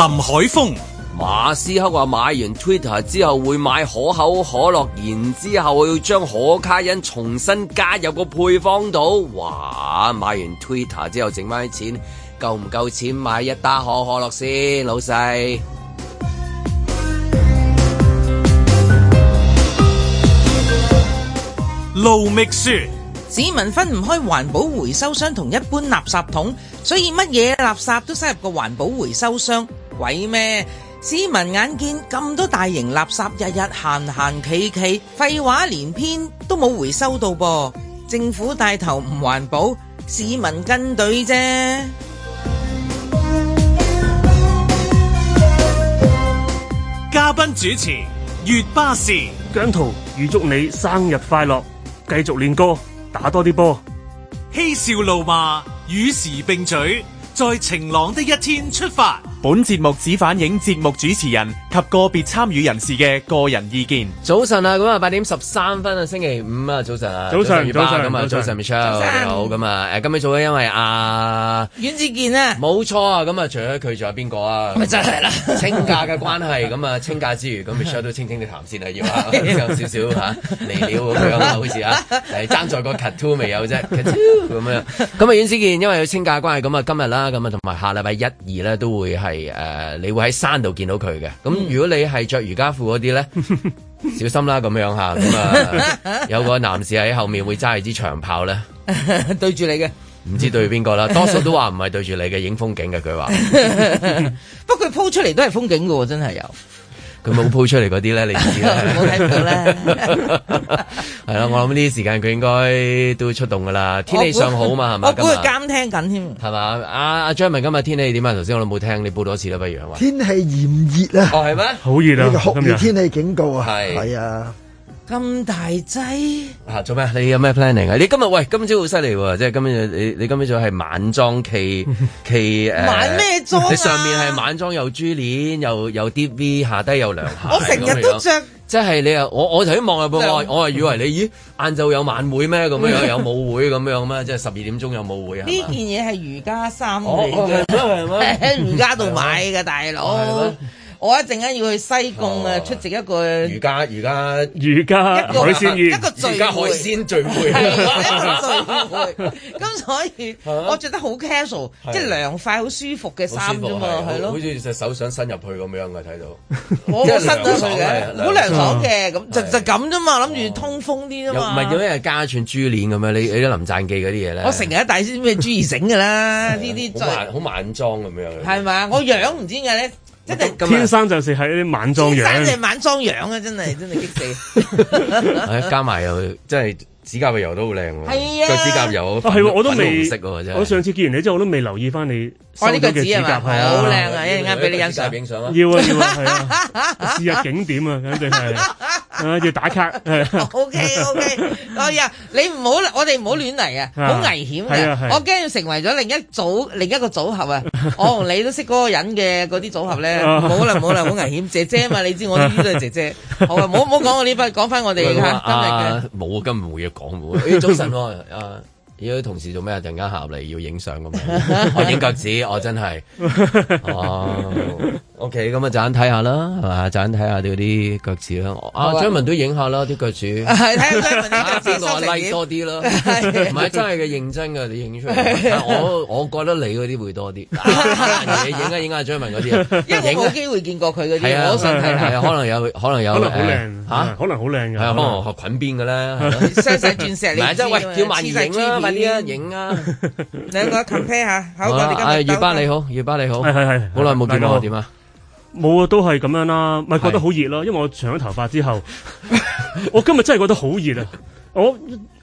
林海峰，馬斯克話買完 Twitter 之後會買可口可樂，然之後要將可卡因重新加入個配方度。哇！買完 Twitter 之後剩翻啲錢夠唔夠錢買一打可可樂先，老細。盧覓雪，市民分唔開環保回收箱同一般垃圾桶，所以乜嘢垃圾都塞入個環保回收箱。鬼咩！市民眼見咁多大型垃圾日日行行企企，廢話連篇都冇回收到噃。政府帶頭唔環保，市民跟隊啫。嘉賓主持月巴氏姜濤，預祝你生日快樂，繼續練歌，打多啲波，嬉笑怒罵與時並舉，在晴朗的一天出發。本節目只反映節目主持人及個別參與人士嘅個人意見。早晨啊，咁啊八點十三分啊，星期五啊，早晨啊，早晨，早晨，咁啊，早晨 m i c h e l l 好，咁啊，誒，今日早啊，因為阿阮子健呢？冇 錯啊，咁啊，除咗佢仲有邊個啊？咪就係啦，清假嘅關係，咁啊，清假之餘，咁 m i c 都清清地談先啊，要啊，少少吓離了咁樣啊，好似啊，係爭在個 c a r t o o 未有啫 c a r t o o 咁樣，咁啊，阮子健因為有清假嘅關係，咁啊今日啦，咁啊同埋下禮拜一二咧都會係。係誒、 嗯，你會喺山度見到佢嘅。咁如果你係着瑜伽褲嗰啲咧， 小心啦咁樣吓。咁啊，有個男士喺後面會揸支長炮咧， 對住你嘅，唔 知對住邊個啦。 多數都話唔係對住你嘅，影風景嘅，佢話。 不過佢鋪出嚟都係風景噶喎，真係有。佢冇 po 出嚟嗰啲咧，你唔知啦。冇睇 到咧，係啦。 我諗呢啲時間佢應該都會出動噶啦。天氣尚好啊嘛，係咪？我都係監聽緊添。係嘛？阿阿張文，今日天氣點啊？頭先我都冇聽，你報多次啦不如。天氣炎熱啊！哦、oh,，係咩？好熱啊！今日酷熱天氣警告啊！係天。係是啊。咁大劑啊！做咩？你有咩 planning 啊？你今日喂，今朝好犀利喎！即係今日你你今朝仲係晚裝企企誒，晚咩裝？你上面係晚裝，有珠鏈，又有 D V，下低又涼鞋。我成日都着，即係你又我我頭先望下部我我係以為你咦晏晝有晚會咩咁樣有舞會咁樣咩？即係十二點鐘有舞會啊？呢件嘢係瑜伽衫嚟嘅，喺瑜伽度買嘅大佬。我一陣間要去西貢啊，出席一個魚家魚家魚家海鮮宴一個聚會，魚家海鮮聚會，一個聚會。咁所以我着得好 casual，即係涼快、好舒服嘅衫啫嘛，係咯、嗯。好似隻手想伸入去咁樣嘅睇到，我冇伸得入嘅，好涼爽嘅咁就就咁啫嘛，諗住通風啲啊嘛。唔係點解係加串珠鏈咁樣？你你都林湛記嗰啲嘢咧？我成日一大啲咩珠鏈㗎啦，呢啲好晚好晚裝咁樣嘅。係嘛？我樣唔知點解咧？ 是天，天生就食喺啲晚裝羊，天生晚裝羊啊！真係真係激死， 加埋又真係指甲嘅油都好靚喎。係啊，腳指甲油係、啊啊啊、我都未，食、啊、真我上次見完你之後，我都未留意翻你。我呢個係資格係好靚啊，一陣間俾你影集影相啊，要啊，試下景點啊，要打卡 OK OK，哎呀，你唔好，我哋唔好亂嚟啊，好危險嘅。我驚要成為咗另一組另一個組合啊。我同你都識嗰個人嘅嗰啲組合咧，唔好啦唔好啦，好危險。姐姐啊嘛，你知我呢啲都係姐姐。好啊，唔好唔好講我呢筆，講翻我哋吓今日嘅。冇啊，今日冇嘢講。早晨喎，啊。依啲同事做咩啊？突然間合嚟要影相咁嘛！ 我影腳趾，我真係 哦。OK，咁啊，盞睇下啦，係嘛？盞睇下啲腳趾啦，阿張文都影下啦，啲腳趾，睇下張文啲腳趾多唔多拉多啲咯，唔係真係嘅認真㗎，你影出嚟，我我覺得你嗰啲會多啲，你影下影下張文嗰啲，因為冇機會見過佢嗰啲，係啊，可能有，可能有，可能好靚可能好靚㗎，可能裙邊㗎啦，鑽石鑽石，唔係即係喂，叫萬影啦，萬啲啊，影啊，兩個 compare 下，好過你今，月巴你好，月巴你好，好耐冇見到我點啊？冇啊，都係咁樣啦，咪覺得好熱咯。是因為我長咗頭髮之後， 我今日真係覺得好熱啊！我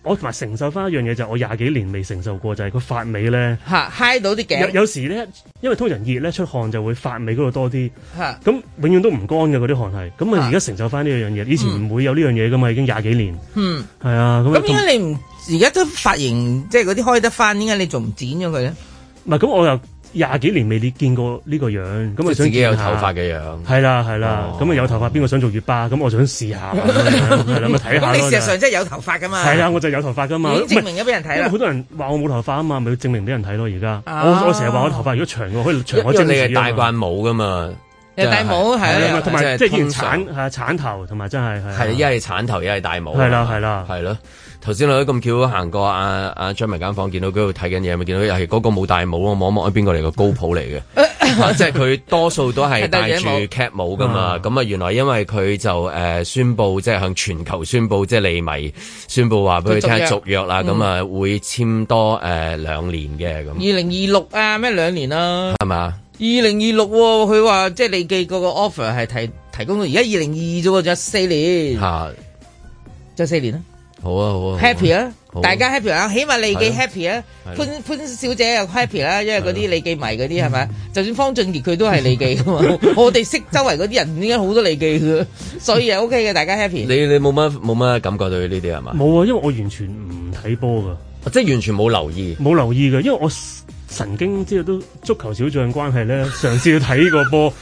我同埋承受翻一樣嘢就係，我廿幾年未承受過就係個髮尾咧，嗨到啲頸。有有時咧，因為通常熱咧出汗就會髮尾嗰度多啲，咁永遠都唔乾嘅嗰啲汗係。咁啊，而家承受翻呢樣嘢，以前唔會有呢樣嘢噶嘛，已經廿幾年。嗯，係、嗯、啊。咁點解你唔而家都髮型即係嗰啲開得翻？點解你仲唔剪咗佢咧？唔係咁，我又。廿幾年未你見過呢個樣，咁啊想自己有頭髮嘅樣，係啦係啦，咁啊有頭髮邊個想做月巴？咁我想試下，係啦咪睇下。你事實上真係有頭髮噶嘛？係啊，我就有頭髮噶嘛。咁證明咗俾人睇咯。好多人話我冇頭髮啊嘛，咪要證明俾人睇咯。而家我成日話我頭髮如果長嘅可以長，我，真你係戴慣帽噶嘛，大帽係同埋即係同鏟係啊，鏟頭同埋真係係。一係鏟頭，一係大帽。係啦係啦，係啦。頭先我喺咁巧行過阿阿張文間房見，見到佢喺度睇緊嘢，咪見到又係嗰個冇戴帽，我望望喺邊個嚟嘅高普嚟嘅，即係佢多數都係戴住 cap 帽噶嘛。咁啊、 嗯，原來因為佢就誒、呃、宣布，即係向全球宣布，即係利迷宣布話俾佢聽續約啦。咁啊，會簽多誒兩年嘅咁。二零二六啊，咩兩年啦？係嘛、啊？二零二六，佢話即係利記嗰個 offer 係提提供到而家二零二二啫，就 四年。吓，即係四年啦。好啊好啊，happy 啊，啊大家 happy 啊，啊起碼利記 happy 啊，的潘潘小姐又 happy 啦、啊，因為嗰啲利記迷嗰啲係咪？就算方俊傑佢都係利記噶嘛， 我哋識周圍嗰啲人點解好多利記嘅，所以係 OK 嘅，大家 happy。你你冇乜冇乜感覺對呢啲係咪？冇啊，因為我完全唔睇波噶，即係完全冇留意，冇留意嘅，因為我神經之後都足球小將關係咧，嘗試去睇呢個波。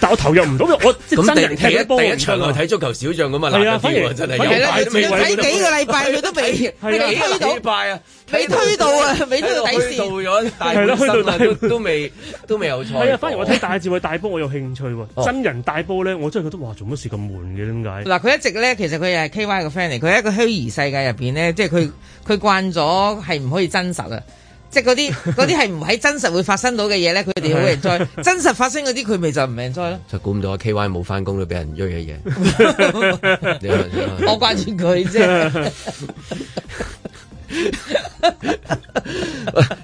但係我投入唔到，我真人踢一踢一場我睇足球小將咁嘛。係啊，反而真係又大志，睇幾個禮拜佢都未，係啊，幾個禮拜啊，未推到啊，未推到底線，係咯，去到都都未都未有賽果。係啊，反而我睇戴志偉嘅大波我有興趣真人大波咧，我真係覺得哇，做乜事咁悶嘅，點解？嗱，佢一直咧，其實佢係 KY 嘅 friend 佢喺一個虛擬世界入邊咧，即係佢佢慣咗係唔可以真實啊。即係嗰啲嗰啲係唔係真實會發生到嘅嘢咧，佢哋好認栽。 真實發生嗰啲佢咪就唔認栽咯。就估唔到啊！KY 冇返工都俾人喐嘢嘢，我關注佢啫。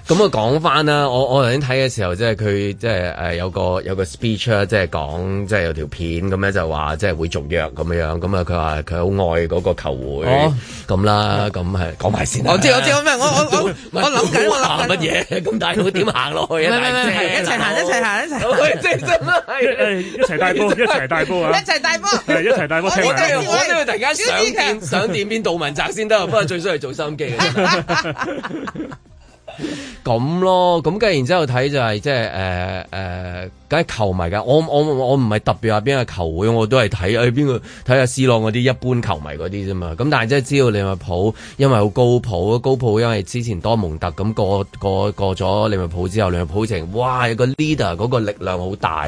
咁啊，講翻啦！我我頭先睇嘅時候，即係佢即係誒，有個有個 speech 即係講，即係有條片咁咧，就話即係會續約咁樣樣。咁啊，佢話佢好愛嗰個球會咁啦。咁係講埋先。我知我知，我我我諗緊，我諗緊乜嘢？咁大路點行落去啊？唔一齊行，一齊行，一齊。即係真啊！一齊大波，一齊大波一齊大波，一齊大波。我都要，我都要突然間想點想點邊杜汶澤先得，不過最衰係做收音機。咁 咯，咁跟然之後睇就係即係誒誒，梗、呃、係、呃、球迷噶。我我我唔係特別話邊個球會，我都係睇誒邊個睇下 C 朗嗰啲一般球迷嗰啲啫嘛。咁但係即係知道利物浦，因為好高普，高普因為之前多蒙特咁過過過咗利物浦之後，利物浦城哇有個 leader，嗰個力量好大。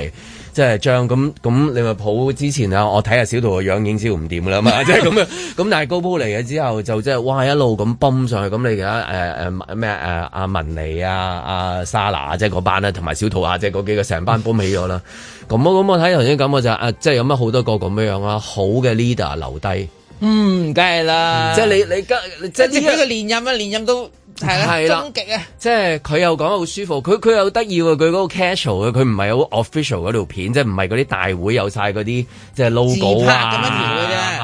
即係將咁咁，你咪抱之前啊！我睇下小桃個樣已經超唔掂噶啦嘛，即係咁樣。咁但係高波嚟嘅之後就即係哇一路咁泵上去，咁你而家誒誒咩誒阿文尼啊、阿莎娜即係嗰班咧，同埋小桃啊，即係嗰幾個成班泵起咗啦。咁我咁我睇頭先咁我就啊，即係有乜好多個咁樣啊，好嘅 leader 留低。嗯，梗係啦。即係你你即係呢個連任啊，連任都。係啦，終極啊！即係佢又講得好舒服，佢佢又得意喎，佢個 casual 嘅，佢唔係好 official 嗰條片，即係唔係啲大會有曬啲即係 logo 咁、啊、樣嘅啫。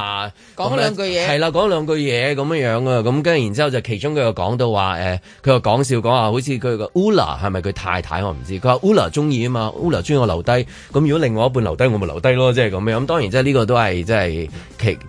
講兩句嘢係啦，講兩 句嘢咁樣樣啊，咁跟住，然之後,後就其中佢又講到話，誒、呃，佢又講笑講話，好似佢個 Ula 係咪佢太太我唔知，佢話 Ula 中意啊嘛，Ula 中意我留低，咁如果另外一半留低，我咪留低咯、就是這個，即係咁樣，咁當然即係呢個都係即係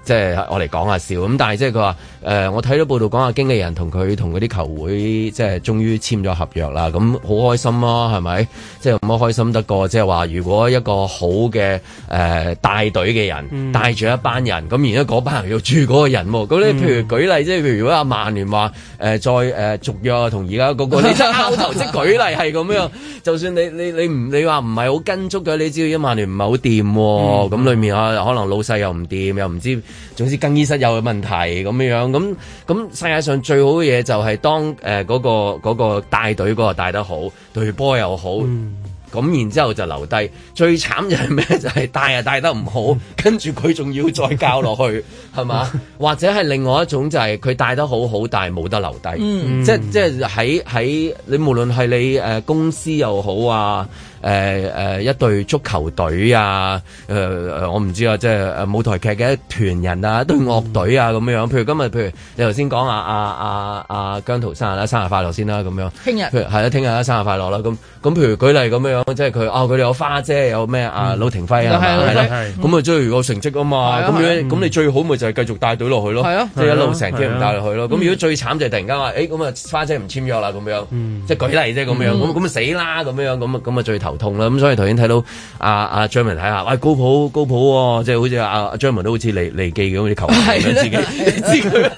即係我嚟講下笑，咁但係即係佢話，誒、呃，我睇到報道講啊，經紀人同佢同嗰啲球會即係終於簽咗合約啦，咁好開心啊，係咪？即係咁開心得過？即係話如果一個好嘅誒帶隊嘅人帶住一班人，咁然之後嗰班。又住嗰個人，咁你譬如舉例，即係譬如如果阿曼聯話，誒、呃、再誒、呃、續約同而家個個你 即係口頭式舉例係咁樣，就算你你你唔你話唔係好跟足嘅，你知道阿曼聯唔係好掂，咁、嗯、裏面啊可能老細又唔掂，又唔知，總之更衣室又有問題咁樣，咁咁世界上最好嘅嘢就係當誒嗰、呃那個嗰、那個帶隊嗰個帶得好，隊波又好。嗯咁然之後就留低，最慘就係咩？就係帶啊帶得唔好，嗯、跟住佢仲要再教落去，係嘛？ 或者係另外一種就係佢帶得好好，但係冇得留低。嗯、即係即係喺喺你無論係你誒、呃、公司又好啊。誒誒一隊足球隊啊，誒我唔知啊，即係誒舞台劇嘅一團人啊，一隊樂隊啊咁樣，譬如今日譬如你頭先講啊，阿阿阿姜濤生日啦，生日快樂先啦咁樣，聽日，係啊，聽日啦，生日快樂啦，咁咁譬如舉例咁樣，即係佢啊佢哋有花姐有咩啊魯庭輝啊，係咪咁啊追住個成績啊嘛，咁樣咁你最好咪就係繼續帶隊落去咯，即係一路成績唔帶落去咯，咁如果最慘就係突然間話，誒咁啊花姐唔簽約啦咁樣，即係舉例啫咁樣，咁咁死啦咁樣，咁啊咁啊最頭。同啦，咁、嗯、所以頭先睇到阿阿張文睇下，喂高普高普，高普啊、即係好似阿阿張文都好似嚟嚟記咁啲球鞋咁 自己， 你知佢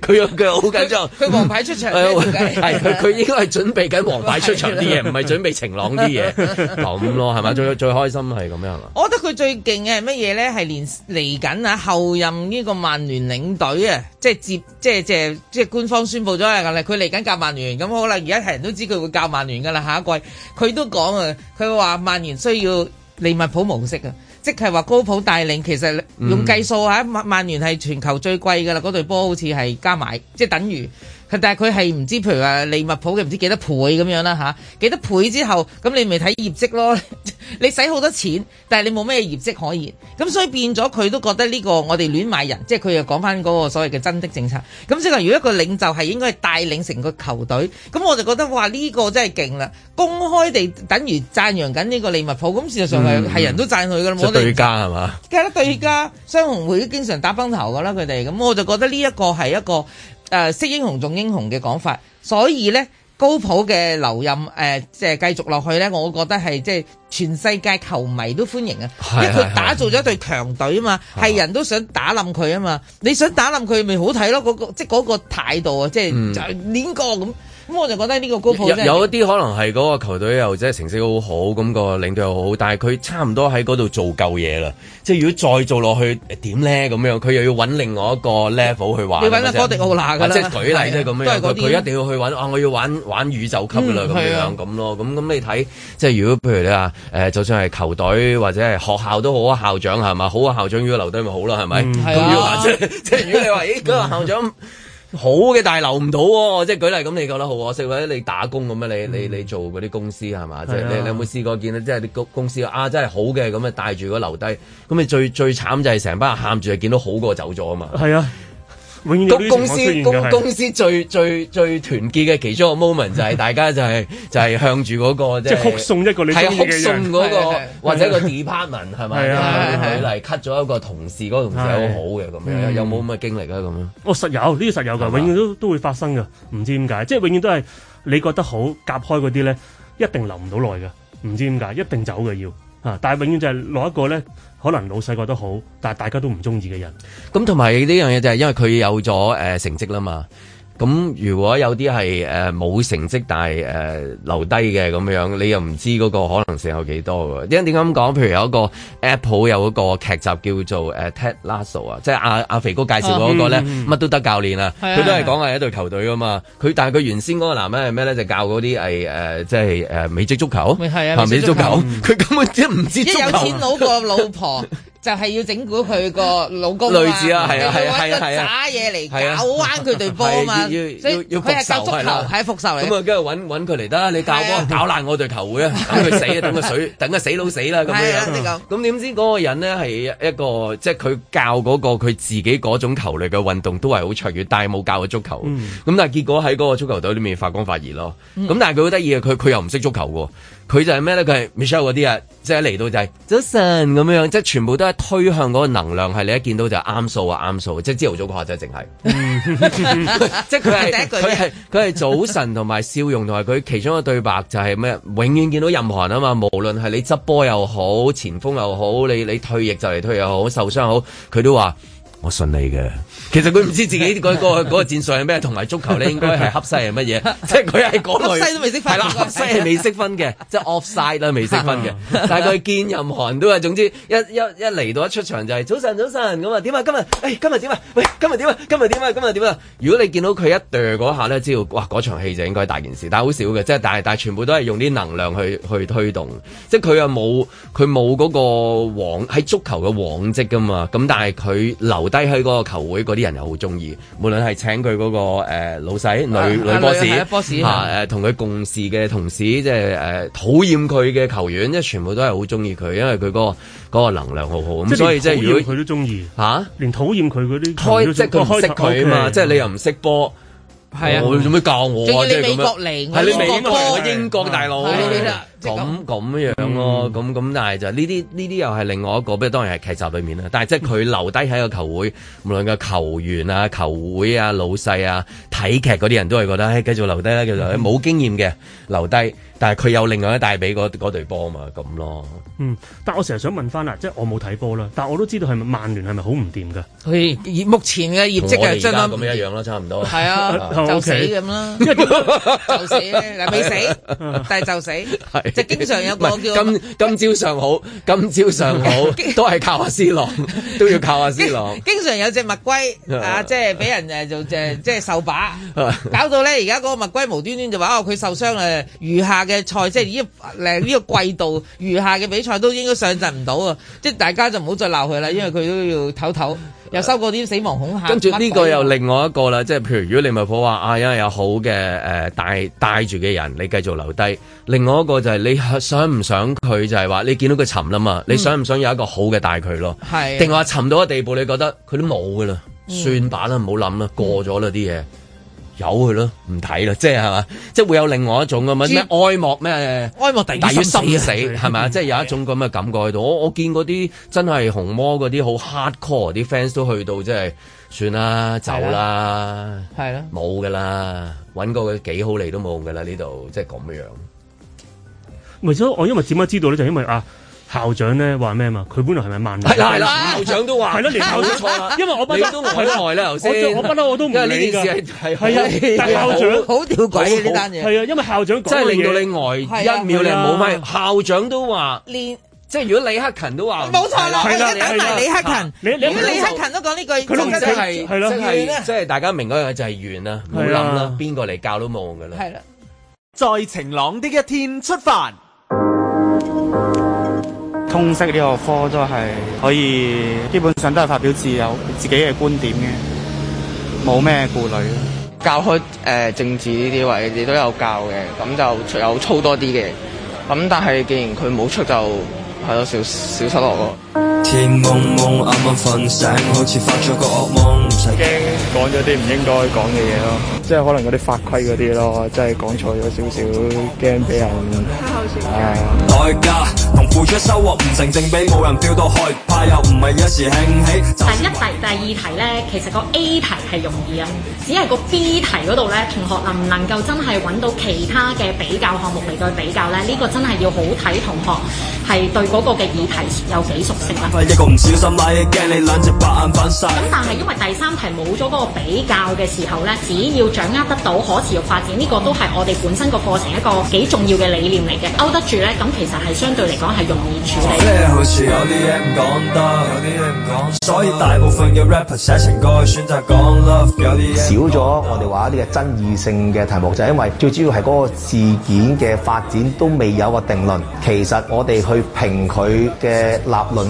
佢又佢好緊張，佢黃牌出場，係佢佢應該係準備緊黃牌出場啲嘢，唔係 準備晴朗啲嘢，咁 咯係咪？吧最是最開心係咁樣 我覺得佢最勁嘅係乜嘢咧？係連嚟緊啊後任呢個曼聯領隊啊，即係即係、即係接即係即係即係官方宣布咗係㗎佢嚟緊教曼聯，咁好啦而家係人都知佢會教曼聯㗎啦。下一季佢都講啊。佢話曼聯需要利物浦模式啊，即係話高普帶領。其實用計數啊，曼曼聯係全球最貴㗎啦，嗰隊波好似係加埋，即係等於。但係佢係唔知，譬如話利物浦嘅唔知幾多倍咁樣啦嚇，幾、啊、多倍之後咁你咪睇業績咯。 你使好多錢，但係你冇咩業績可言。咁所以變咗佢都覺得呢、呢個我哋亂買人，即係佢又講翻嗰個所謂嘅真的政策。咁即係如果一個領袖係應該帶領成個球隊，咁我就覺得哇呢、呢個真係勁啦！公開地等於讚揚緊呢個利物浦，咁事實上係係人都讚佢噶啦，冇、嗯、們對家係嘛？梗係得對家，雙紅會經常打崩頭噶啦佢哋，咁我就覺得呢一個係一個。誒識、呃、英雄重英雄嘅講法，所以咧，高普嘅留任誒即係繼續落去咧，我覺得係即係全世界球迷都歡迎啊，是是是因為佢打造咗一隊強隊啊嘛，係人都想打冧佢啊嘛，是是是你想打冧佢咪好睇咯，嗰、那個、即係嗰個態度啊，即係就係點講咁。嗯咁我就覺得呢個高普有，有一啲可能係嗰個球隊又即係成績好好，咁、個領隊又好，但係佢差唔多喺嗰度做夠嘢啦。即係如果再做落去，點咧咁樣？佢又要揾另外一個 level 去玩，你揾阿哥迪奧拿噶啦，啊啊、即係舉例啫咁的樣。佢佢一定要去揾、啊、我要玩玩宇宙級噶啦咁樣咁咯。咁咁的你睇，即係如果譬如你話誒、呃，就算係球隊或者係學校都好啊，校長係嘛好啊？校長如果留低咪好啦，係咪？如果話即係如果你話，咦嗰、個校長？ 好嘅大留唔到喎、哦，即係舉例咁你覺得好，可惜。或者你打工咁、嗯、啊，你你你做嗰啲公司係嘛，即係你你有冇試過見到即係啲公公司啊真係好嘅，咁啊帶住嗰留低，咁你最最慘就係成班人喊住啊見到好過走咗、嗯嗯、啊嘛，係啊。咁公司公司最最最團結嘅其中一個 moment 就係大家就係就係向住嗰個即係哭送一個你嘅，係哭送嗰個或者個 department 係咪，嚟 cut 咗一個同事，嗰個同事好好嘅咁樣，有冇咁嘅經歷啊？咁樣哦，實有呢啲實有噶，永遠都都會發生噶，唔知點解，即係永遠都係你覺得好隔開嗰啲咧，一定留唔到耐噶，唔知點解一定走嘅要啊，但係永遠就係攞一個咧。可能老細覺得好，但係大家都唔中意嘅人。咁同埋呢樣嘢就係因為佢有咗誒成績啦嘛。咁如果有啲係誒冇成績但係誒、呃、留低嘅咁樣，你又唔知嗰個可能性有幾多喎？因為點解咁講？譬如有一個 Apple 有嗰個劇集叫做誒、呃、Ted Lasso 啊，即係阿阿肥哥介紹嗰個咧，乜、哦、都得教練啊，佢、嗯、都係講係一隊球隊噶嘛。佢但係佢原先嗰個男人係咩咧？就教嗰啲係誒即係誒、呃、美式足球，係啊美式足球。佢根本即係唔知足球。有錢佬個老婆。 就係要整蠱佢個老公啊，啊，嘛，啊，為啊，打嘢嚟扭彎佢隊波啊嘛，所以要要佢係教足球係復仇嚟，咁啊跟住揾佢嚟得，你教波搞爛我隊球會啊，等佢死啊，等個水，等個死佬死啦咁樣。咁點知嗰個人呢？係一個即係佢教嗰個佢自己嗰種球類嘅運動都係好卓越，但係冇教過足球。咁但係結果喺嗰個足球隊裏面發光發熱咯。咁但係佢好得意嘅，佢佢又唔識足球喎。佢就係咩咧？佢係 Michelle 嗰啲啊，即係一嚟到就係早晨咁樣樣，即係全部都係推向嗰個能量係。你一見到就啱數啊，啱數。即係朝頭早嘅話就係淨係，即係佢係佢係佢係早晨同埋笑容同埋佢其中嘅對白就係咩？永遠見到任何人啊嘛！無論係你執波又好，前鋒又好，你你退役就嚟退又好，受傷好，佢都話我信你嘅。其實佢唔知自己嗰個嗰個戰術係咩，同埋足球咧應該係恰西係乜嘢， 即係佢係未類。係 啦，恰西係未識分嘅， 即係 offside 啦未識分嘅。 但係佢見任何人都係，總之一一一嚟到一出場就係早晨早晨咁啊！點啊今日？誒今日點啊？喂今日點啊？今日點、哎、啊？今日點啊，啊，啊？如果你見到佢一 d 嗰下咧，知道哇嗰場戲就應該大件事，但係好少嘅，即係但係但係全部都係用啲能量去去推動，即係佢又冇佢冇嗰個往喺足球嘅往迹噶嘛，咁但係佢留低喺嗰個球會。嗰啲人又好中意，無論係請佢嗰個誒老細、女女 boss，係 boss 吓，誒同佢共事嘅同事，即係誒討厭佢嘅球員，即係全部都係好中意佢，因為佢嗰個個能量好好，咁所以即係如果佢都中意，吓連討厭佢嗰啲開即係佢識佢嘛，即係你又唔識波，係啊，做咩教我即係你美國嚟，係你美國英國大佬。咁咁樣咯，咁咁、啊嗯、但係就呢啲呢啲又係另外一個，不過當然係劇集裏面啦。但係即係佢留低喺個球會，無論個球員啊、球會啊、老細啊、睇劇嗰啲人都係覺得，誒繼續留低啦，繼續留低，冇經驗嘅留低，但係佢有另外一大畀嗰隊波啊嘛，咁咯。嗯，但係我成日想問翻啊，即係我冇睇波啦，但我都知道係咪曼聯係咪好唔掂㗎？目前嘅業績就真係咁樣一樣啦，差唔多。係啊，就死咁啦，就死，但未死，但係就死。即經常有個叫今今朝上好，今朝上好，都係靠阿斯郎，都要靠阿斯郎。 經常有隻墨龜啊，即係俾人誒就誒即係受把，搞到咧而家嗰個墨龜無端端就話哦，佢受傷誒，餘下嘅賽即係呢誒呢個季度餘 下嘅比賽都應該上陣唔到啊！即係大家就唔好再鬧佢啦，因為佢都要唞唞。又收過啲死亡恐嚇。啊、跟住呢個又另外一個啦，即係譬如如果你咪話啊，因為有有好嘅誒、呃、帶帶住嘅人，你繼續留低。另外一個就係你想唔想佢，就係話你見到佢沉啦嘛，你想唔想，就係嗯、想，想有一個好嘅帶佢咯？係定話沉到個地步，你覺得佢都冇噶啦，嗯、算吧啦，唔好諗啦，過咗啦啲嘢。嗯有佢咯，唔睇啦，即係嘛，即係會有另外一種咁嘅咩哀莫咩哀莫，大於心死，係嘛，啊、吧即係有一種咁嘅感覺喺度。我我見嗰啲真係紅魔嗰啲好 hard core 啲 fans 都去到、就是，即係算啦，走啦，係咯，冇噶啦，揾個幾好嚟都冇用噶啦，呢度即係咁樣。唔係所以，我因為點解知道咧？就是、因為啊。校長咧話咩嘛？佢本來係咪曼聯？係啦，校長都話係咯，連校長錯啦。因為我不嬲都好耐啦，頭先。我不嬲我都唔係呢件事係係係啊！校長好吊詭呢單嘢。係啊，因為校長講嘅嘢。即係令到你呆一秒你冇咩。校長都話，即係如果李克勤都話，冇錯咯。大家等埋李克勤。你你李克勤都講呢句，佢唔使係，即係即係大家明嗰樣就係完啦，唔好諗啦，邊個嚟教都冇噶啦。係啦，在晴朗的一天出發。通識呢個科都係可以，基本上都係發表自由自己嘅觀點嘅，冇咩顧慮。教開誒、呃、政治呢啲位，你都有教嘅，咁就有操多啲嘅。咁但係既然佢冇出就，就係咯少少失落咯。天蒙蒙，啱啱瞓醒，好似發咗個噩夢。唔使驚講咗啲唔應該講嘅嘢咯，即係可能嗰啲法規嗰啲咯，即係講錯咗少少，驚俾人。太好笑。啊，啊代價同付出收穫唔成正比，冇人跳到害怕又唔係一時興起。但係第一題第二題咧，其實個 A 題係容易啊，只係個 B 題嗰度咧，同學能唔能夠真係揾到其他嘅比較項目嚟再比較咧？呢、這個真係要好睇同學係對嗰個嘅議題有幾熟。一個唔小心驚你兩隻晒。咁但係因為第三題冇咗嗰個比較嘅時候咧，只要掌握得到可持續發展呢、這個都係我哋本身個過程一個幾重要嘅理念嚟嘅，勾得住咧，咁其實係相對嚟講係容易處理。所以大部分嘅 rapper 選擇講 love 有啲少咗我哋話一啲嘅爭議性嘅題目，就係、是、因為最主要係嗰個事件嘅發展都未有個定論，其實我哋去評佢嘅立論。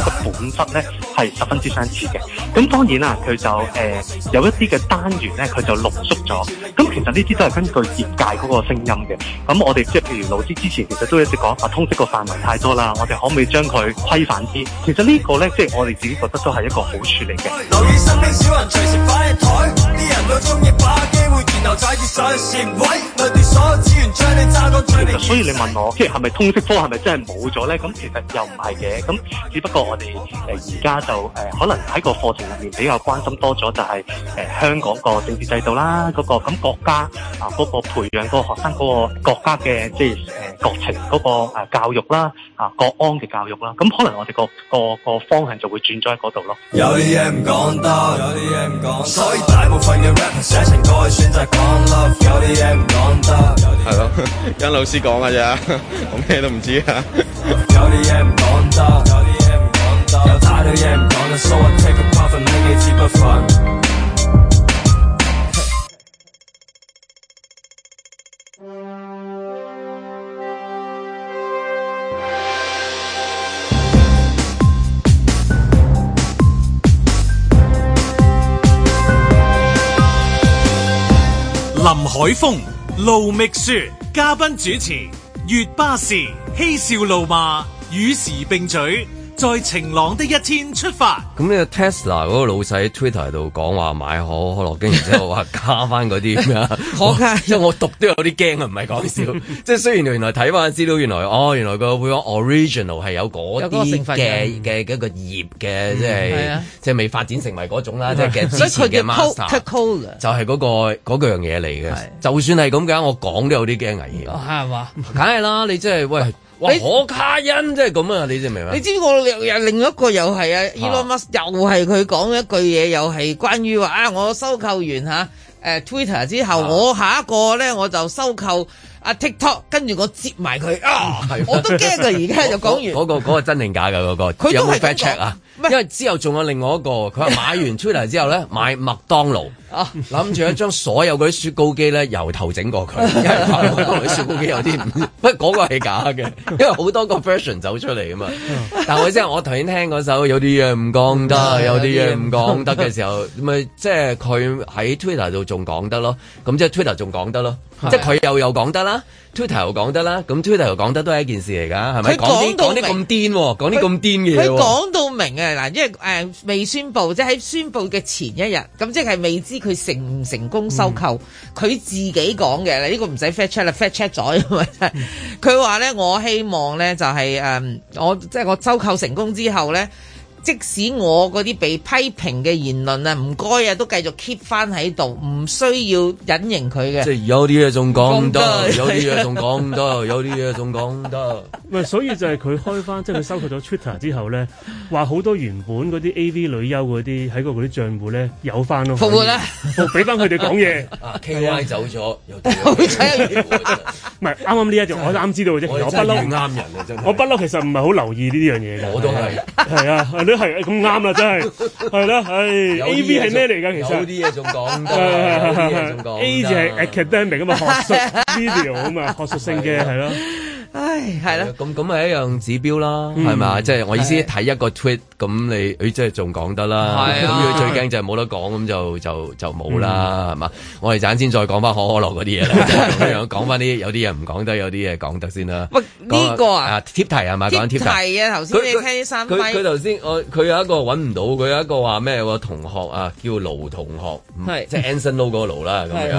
嗰個本質咧係十分之相似嘅，咁當然啦、啊，佢就誒、呃、有一啲嘅單元咧，佢就濃縮咗。咁其實呢啲都係根據業界嗰個聲音嘅。咁我哋即係譬如老師之前其實都一直講，話、啊、通識個範圍太多啦，我哋可唔可以將佢規範啲？其實呢個咧，即、就、係、是、我哋自己覺得都係一個好處嚟嘅。其實所以你問我即係，係咪通識科係咪真係冇咗咧？咁其實又唔係嘅，咁只不過我哋誒而家就誒可能喺個課程入面比較關心多咗，就係誒香港個政治制度啦，嗰個咁國家啊嗰個培養個學生嗰個國家嘅即係誒國情嗰個誒教育啦，啊國安嘅教育啦，咁可能我哋個個個方向就會轉咗喺嗰度咯。有啲嘢唔講多，有啲嘢唔講多，所以大部分嘅 rapper 寫情歌去選擇。係咯，跟老師講㗎咋，我咩都唔知啊。林海峰、盧覓雪嘉賓主持，月巴士嬉笑怒罵，與時並舉。在晴朗的一天出發。咁呢個 Tesla 嗰個老細喺 Twitter 度講話買可口可樂，跟住之後話加翻嗰啲咁樣，我即係我讀都有啲驚啊，唔係講笑。即係雖然原來睇翻資料，原來哦，原來個會講 original 係有嗰啲嘅嘅一個葉嘅，即係即係未發展成為嗰種啦，即係嘅。所以佢嘅可口可樂就係嗰個嗰個樣嘢嚟嘅。就算係咁嘅，我講都有啲驚危險。係嘛？梗係啦，你即係喂。我哇你卡恩即係咁啊，你知唔明啊？你知唔知？我另另一個又係、e、啊，Elon Musk 又係佢講一句嘢，又係關於話啊，我收購完吓誒 Twitter 之後，啊啊啊啊、我下一個咧我就收購啊 TikTok，跟住我接埋佢啊，啊嗎我都驚佢而家就講完嗰個個真定假噶嗰個，有冇 fact check 啊？因為之後仲有另外一個，佢話買完 Twitter 之後咧，買麥當勞啊，諗住咧將所有嗰啲雪糕機咧由頭整過佢，因為嗰個雪糕機有啲唔，不過嗰個係假嘅，因為好多個 version 走出嚟啊嘛。但係我即係我頭先聽嗰首有啲嘢唔講得，有啲嘢唔講得嘅時候，咪即係佢喺 Twitter 度仲講得咯，咁即係 Twitter 仲講得咯，即係佢又又講得啦。Twitter 講得啦，咁 Twitter 講得都係一件事嚟㗎，係咪？佢講說到啲咁癲，講啲咁癲嘅嘢。佢講到明啊，嗱，因為誒、呃、未宣佈，即係喺宣佈嘅前一日，咁即係未知佢成唔成功收購，佢、嗯、自己講嘅，這個、 呢個唔使 fetch check 啦，fetch check 咗。佢話咧，我希望咧就係、是、誒、嗯，我即係我收購成功之後咧。即使我嗰啲被批評嘅言論啊，唔該啊，都繼續 keep 翻喺度，唔需要隱形佢嘅。即係有啲嘢仲講得，有啲嘢仲講得，有啲嘢仲講得。唔係，所以就係佢開翻，即係佢收購咗 Twitter 之後咧，話好多原本嗰啲 AV 女優嗰啲喺嗰啲賬戶咧有翻咯，復活啦，俾翻佢哋講嘢 KY 走咗，有啲好，唔係啱啱呢一種，我啱知道嘅啫，我真係啱人我不嬲，其實唔係好留意呢啲樣嘢嘅，我都係係啊。係咁啱啊，真係係啦，唉，AV 係咩嚟㗎？其實有啲嘢仲講，A 字係 academic 嘛，學術 video 嘛，學術性嘅係咯。唉，係啦，咁咁係一樣指標啦，係嘛？即係我意思睇一個 tweet，咁你，誒，即係仲講得啦。係，咁佢最驚就係冇得講，咁就就就冇啦，係嘛？我哋陣先再講翻可可樂嗰啲嘢啦，講翻啲有啲嘢唔講得，有啲嘢講得先啦。喂，呢個啊，貼題係嘛？貼題啊，頭先你聽啲三，佢頭先佢有一個揾唔到，佢有一個話咩個同學啊，叫盧同學，即係 Anson Lo 嗰個盧啦，咁樣。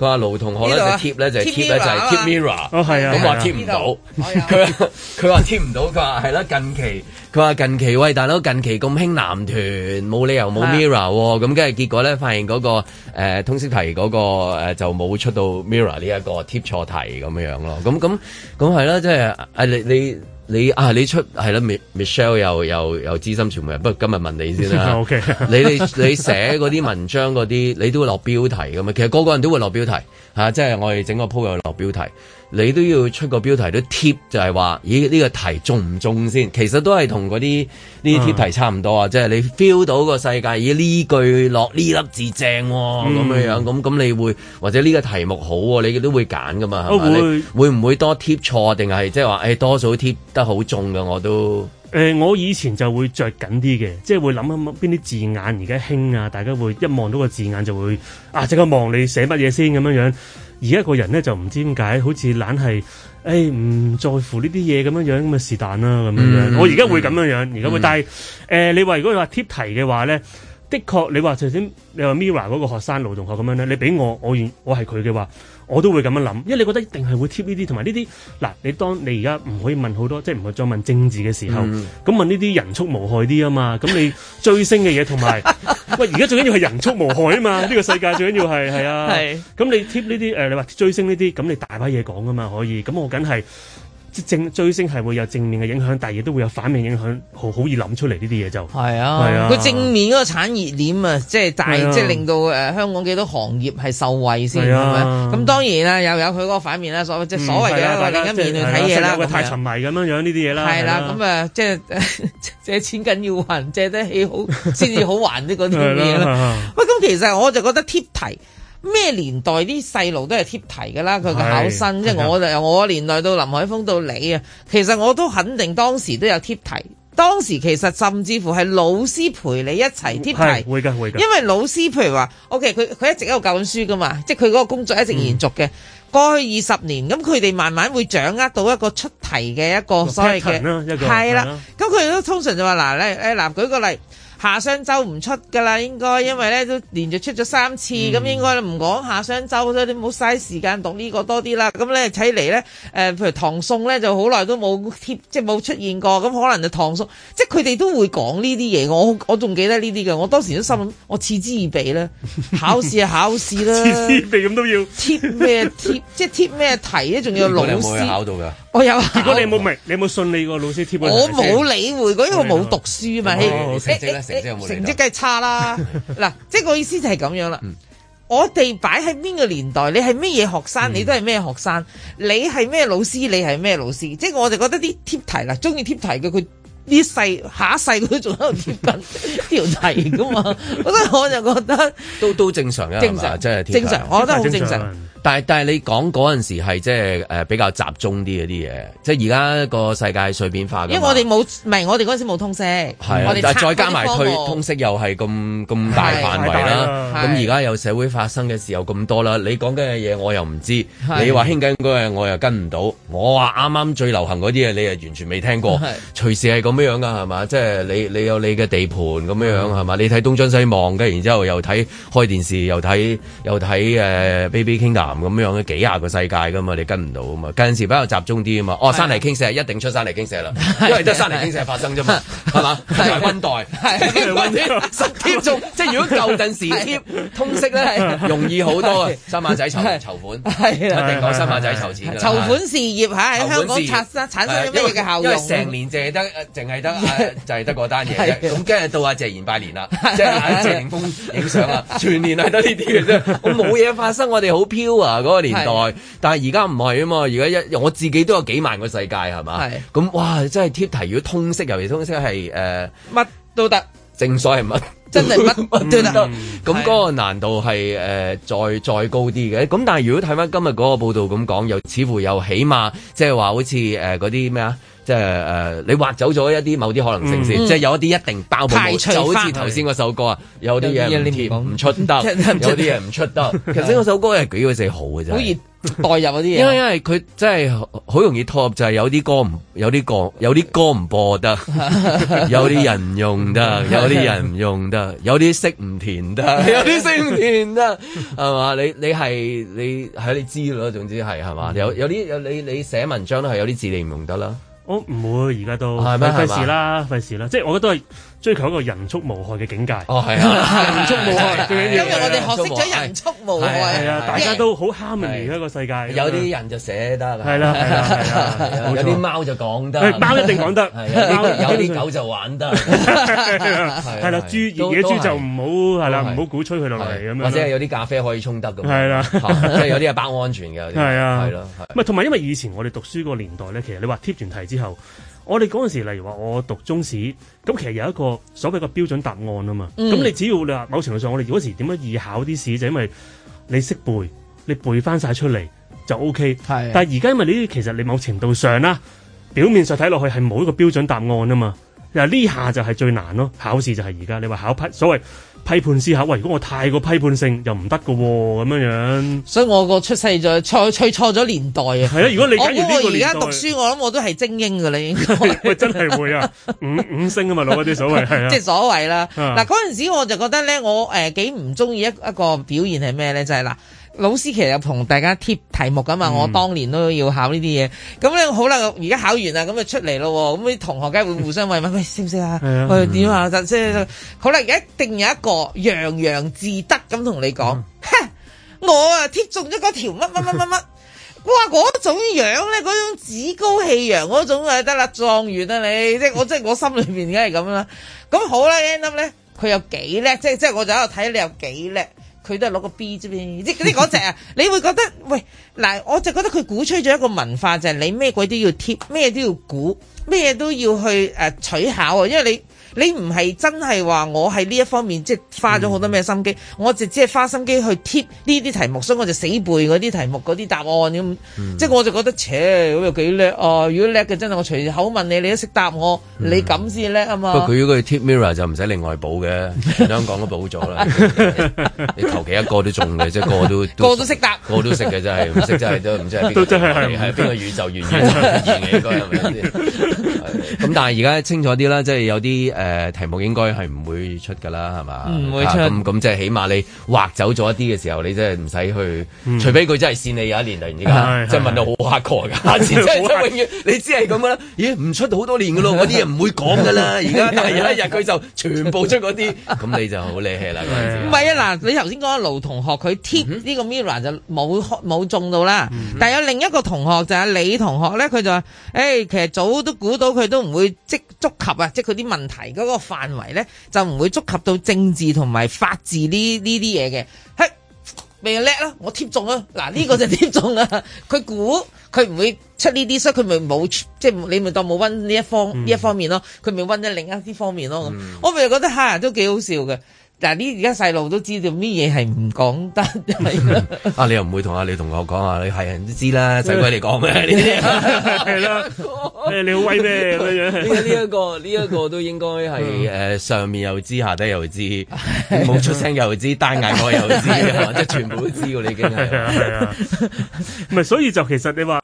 佢話盧同學咧就貼咧就係貼咧就係 tip mirror，咁話貼唔到。佢佢話貼唔到，佢話係啦，近期佢話近期喂，大佬，近期咁興男團，冇理由冇 Mirror 喎，咁跟住結果咧，發現嗰、那個誒、呃，通識題嗰、那個誒、呃、就冇出到 Mirror 呢一個貼錯題咁樣樣咯，咁咁咁係啦，即係啊你你你啊你出係啦，Michelle 又又又資深傳媒，不過今日問你先啦， 你你你寫嗰啲文章嗰啲，你都會落標題噶嘛？其實個個人都會落標題吓，即係我哋整個鋪又落標題。啊你都要出個標題都貼就係話，咦呢、呢個題中唔中先？其實都係同嗰啲呢啲貼題差唔多啊，即係你 feel 到個世界咦呢句落呢粒字正咁、哦、樣、嗯、樣，咁咁你會或者呢個題目好，你都會揀噶嘛，係嘛？會唔會，會多貼錯定係即係話誒多數貼得好中㗎我都誒、呃，我以前就會着緊啲嘅，即係會諗下諗邊啲字眼而家興啊，大家會一望到個字眼就會啊即刻望你寫乜嘢先咁樣樣。而家個人咧就唔知點解，好似懶係，誒、哎、唔在乎呢啲嘢咁樣樣，咁啊是但啦咁樣樣。嗯嗯、我而家會咁樣樣，而家會，嗯、但係誒、呃、你話如果你話貼題嘅話咧，的確你話頭先，你話 Mira 嗰個學生勞動學咁樣咧，你俾我，我願我係佢嘅話。我都會咁樣諗，因為你覺得一定係會貼呢啲，同埋呢啲。嗱，你當你而家唔可以問好多，即係唔再問政治嘅時候，咁問呢啲人畜無害啲啊嘛，咁你追星嘅嘢同埋，喂，而家最緊要係人畜無害啊嘛，呢個世界最緊要係係啊，咁你貼呢啲誒，你話追星呢啲，咁你大把嘢講啊嘛，可以，咁我梗係。即正追星係會有正面嘅影響，但係亦都會有反面影響，好好易諗出嚟呢啲嘢就係啊。佢正面嗰個產業鏈啊，即係大，即係令到誒香港幾多行業係受惠先。咁當然啦，又有佢嗰個反面啦，所即係所謂嘅話，另一面去睇嘢啦。太沉迷咁樣樣呢啲嘢啦。係啦，咁啊，即係借錢緊要還，借得起好先至好還啲嗰啲嘢咯。喂，咁其實我就覺得貼題。咩年代啲細路都係貼題噶啦，佢個考生即係我由我年代到林海峰到你啊，其實我都肯定當時都有貼題。當時其實甚至乎係老師陪你一齊貼題，會噶會噶。因為老師譬如話，OK，佢佢一直喺度教緊書噶嘛，即係佢嗰個工作一直延續嘅。過去二十年，咁佢哋慢慢會掌握到一個出題嘅一個所謂嘅，係啦。咁佢哋都通常就話嗱咧，誒，嗱，舉個例。下湘周唔出噶啦，應該因為咧都連續出咗三次，咁應該唔講下周，湘州都冇嘥時間讀呢個多啲啦。咁咧睇嚟咧，誒譬如唐宋咧就好耐都冇，即係冇出現過。咁可能就唐宋，即係佢哋都會講呢啲嘢。我我仲記得呢啲嘅，我當時都心諗我恥之而避啦。考試係考試啦，恥之而避咁都要貼咩貼？即係貼咩題咧？仲要老師考到㗎？我有如果你冇明？你冇信你個老師貼？我冇理會，因為我冇讀書嘛。成績梗係差啦，嗱， 即係個意思就係咁樣啦。 嗯、我哋擺喺邊個年代，你係咩嘢學生，你都係咩嘢學生。嗯、你係咩老師，你係咩老師。即係我哋覺得啲貼題啦，中意貼題嘅佢呢世下一世佢仲喺度貼緊 條題噶嘛。所以我就覺得都都正常嘅、啊，正常真係正常，我覺得好正常。正常但係但係你講嗰陣時係即係誒比較集中啲啲嘢，即係而家個世界碎片化嘅。因為我哋冇，唔係我哋嗰陣時冇通識，係啊，們但再加埋佢通識又係咁咁大範圍啦。咁而家有社會發生嘅事又咁多啦。你講緊嘅嘢我又唔知，是你話興緊嗰嘢我又跟唔到。我話啱啱最流行嗰啲嘢你又完全未聽過，隨是時係咁樣樣㗎係嘛？即係、就是、你你有你嘅地盤咁樣樣，係嘛、嗯？你睇東張西望嘅，然之後又睇開電視又睇又睇誒、uh, Baby Kingdom 咁樣嘅幾廿個世界噶嘛，你跟唔到啊嘛？近陣時比較集中啲啊嘛。哦，山泥傾瀉一定出山泥傾瀉啦，因為得山泥傾瀉發生啫嘛，係嘛？軍代、軍貼、實貼中，即係如果舊陣時貼通識咧，容易好多啊！新馬仔籌籌款，一定講新馬仔籌錢，籌款事業嚇喺香港產生產咗咩嘅效？因為成年借得淨係得就係得嗰單嘢，咁跟日到阿謝賢拜年啦，即係阿謝霆鋒影相啊！全年係得呢啲嘅啫，我冇嘢發生，我哋好飄。嗰個年代，是的 但係而家唔係啊嘛，而家一我自己都有幾萬個世界係嘛？咁是的 哇，真係貼題，如果通識尤其通識係誒乜都得，正所謂乜真係乜乜都得，咁嗰，嗯、個難度係誒，呃、再再高啲嘅，咁但係如果睇翻今日嗰個報道咁講，又似乎又起碼即係話好似誒嗰啲咩啊？呃即係誒，你挖走咗一啲某啲可能性先，即係有一啲一定包唔到，就好似頭先嗰首歌啊，有啲嘢唔出得，有啲嘢唔出得。頭先嗰首歌係幾個字好嘅啫，好易代入嗰啲嘢。因為因為佢真係好容易 top，就係有啲歌唔有啲歌有啲歌唔播得，有啲人唔用得，有啲人唔用得，有啲色唔填得，有啲色唔填得，係嘛？你你係你喺你知咯，總之係係嘛？有有啲有你你寫文章都係有啲字你唔用得啦。我唔會，而家都費事啦，係咪費事啦，即係我覺得都係。追求一個人畜無害嘅境界。哦，係啊，人畜無害最緊要。因為我哋學識咗人畜無害。係啊，大家都好 harmony 一個世界。有啲人就捨得啦。係啦，係啦，有啲貓就講得。貓一定講得。有啲狗就玩得。係啦，係啦，豬野豬就唔好，係啦，唔好鼓吹佢落嚟咁樣。或者係有啲咖啡可以沖得咁。係啦，即係有啲係包安全嘅。係啊，係咯。唔同埋因為以前我哋讀書個年代咧，其實你話貼完題之後。我哋嗰陣時，例如話我讀中史，咁其實有一個所謂個標準答案啊嘛。咁、嗯、你只要你話某程度上，我哋嗰時點樣易考啲試，就因為你識背，你背翻晒出嚟就 OK。係，但係而家因為呢啲其實你某程度上啦，表面上睇落去係冇一個標準答案啊嘛。嗱呢下就係最難咯，考試就係而家。你話考批所謂。批判思考，喂！如果我太過批判性又唔得㗎喎，咁樣樣。所以我個出世就錯，錯，錯咗年代啊。係啊，如果你講呢我而家讀書，我諗我都係精英㗎啦，應該。喂， 真係會啊， 五五星啊嘛，攞嗰啲所謂係啊。即係 所謂啦。嗱，嗰陣時我就覺得咧，我誒、呃、幾唔中意一一個表現係咩咧，就係、係、嗱。老師其實有同大家貼題目噶嘛，我當年都要考呢啲嘢，咁咧 好啦，而家考完啦，咁就出嚟咯，咁啲同學梗係會互相問 喂，識唔識啊？點啊、哎？即係好啦，而家 一定有一個洋洋自得咁同你講，啊，我啊貼中咗嗰條乜乜乜乜乜，哇， 嗰種樣咧，嗰種趾高氣揚嗰種啊，得啦，狀元啊你，即係我即係 我心裏邊梗係咁啦。咁好啦，end up 咧，佢有幾叻，即係即係我就喺度睇你有幾叻。 佢都係攞個 B 啫，邊即嗰啲只啊？你會覺得喂嗱，我就覺得佢鼓吹咗一個文化就係、是、你咩鬼都要貼，咩都要估，咩都要去誒、啊、取巧啊，因為你。你唔係真係話我喺呢一方面即係花咗好多咩心機，我就只係花心機去貼呢啲題目，所以我就死背嗰啲題目嗰啲答案咁。即係我就覺得，切，我又幾叻啊！如果叻嘅真係我隨口問你，你都識答我，你咁先叻啊嘛。不過佢如果要貼 Mirror 就唔使另外補嘅，香港都補咗啦。你求其一個都中嘅，即係個都個都識答，個都識嘅真係唔識真係都唔知係邊個宇宙現象嘅應該係咪先？咁但係而家清楚啲啦，即係有啲誒。誒題目應該係唔會出㗎啦，係嘛？唔會出咁咁，即係起碼你劃走咗一啲嘅時候，你真係唔使去。除非佢真係試你有一年嚟，而家即係問到好 hardcore 㗎，即係永遠你知係咁啦。咦？唔出好多年㗎咯，嗰啲嘢唔會講㗎啦。而家但係有一日佢就全部出嗰啲，咁你就好厲氣啦。唔係啊，嗱，你頭先講阿盧同學，佢貼呢個 mirror 就冇冇中到啦。但係有另一個同學就係李同學咧，佢就話誒其實早都估到佢都唔會即足及啊，即係佢啲問題。嗰個範圍咧就唔會觸及到政治同埋法治呢呢啲嘢嘅，係咪啊叻啦！我貼中啦，嗱呢個就貼中啦。佢估佢唔會出呢啲，所以佢咪冇即係你咪當冇温呢一方呢 一方面咯，佢咪温咗另一啲方面咯。咁 我咪覺得人、啊、都幾好笑嘅。嗱，呢而家細路都知道咩嘢係唔講得啊！你又唔會同阿李同學講啊，你係人都知啦，使鬼你講咩？呢啲係啦，你好威咩咁樣？呢呢一個呢一個都應該係誒上面又知，下低又知，冇出聲又知，單眼我又知，即係全部都知你已經係。係啊係啊，唔係，所以就其實你話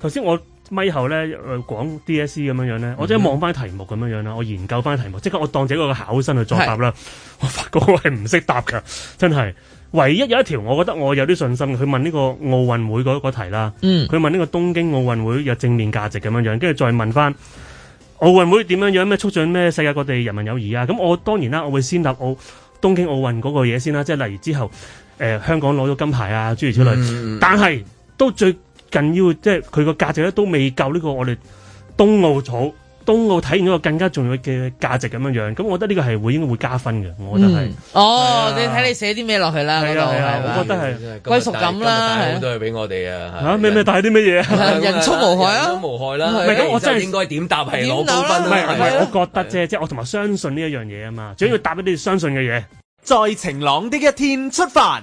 頭先我。咪後咧誒講 DSC 咁樣樣咧，我即刻望翻題目咁樣樣啦，我研究翻題目，即刻我當自己一個考生去作答啦。是我發覺我係唔識答嘅，真係唯一有一條，我覺得我有啲信心。去問呢個奧運會嗰個題啦，佢、嗯、問呢個東京奧運會有正面價值咁樣樣，跟住再問翻奧運會點樣樣咩促進咩世界各地人民友誼啊？咁我當然啦，我會先答奧東京奧運嗰個嘢先啦，即係例如之後誒、呃、香港攞咗金牌啊，諸如此類，嗯、但係都最。更要即係佢個價值咧都未夠，呢個我哋東奧草東奧體現一個更加重要嘅價值咁樣樣，咁我覺得呢個係會應該會加分嘅。我覺得係哦，你睇你寫啲咩落去啦，啊，我覺得係歸屬感啦，都係俾我哋啊。吓咩咩帶啲乜嘢人畜無害啊？無害啦。唔係咁，我真係應該點答係攞高分？唔係，我覺得啫，即係我同埋相信呢一樣嘢啊嘛。仲要答一啲相信嘅嘢。在晴朗的一天出發。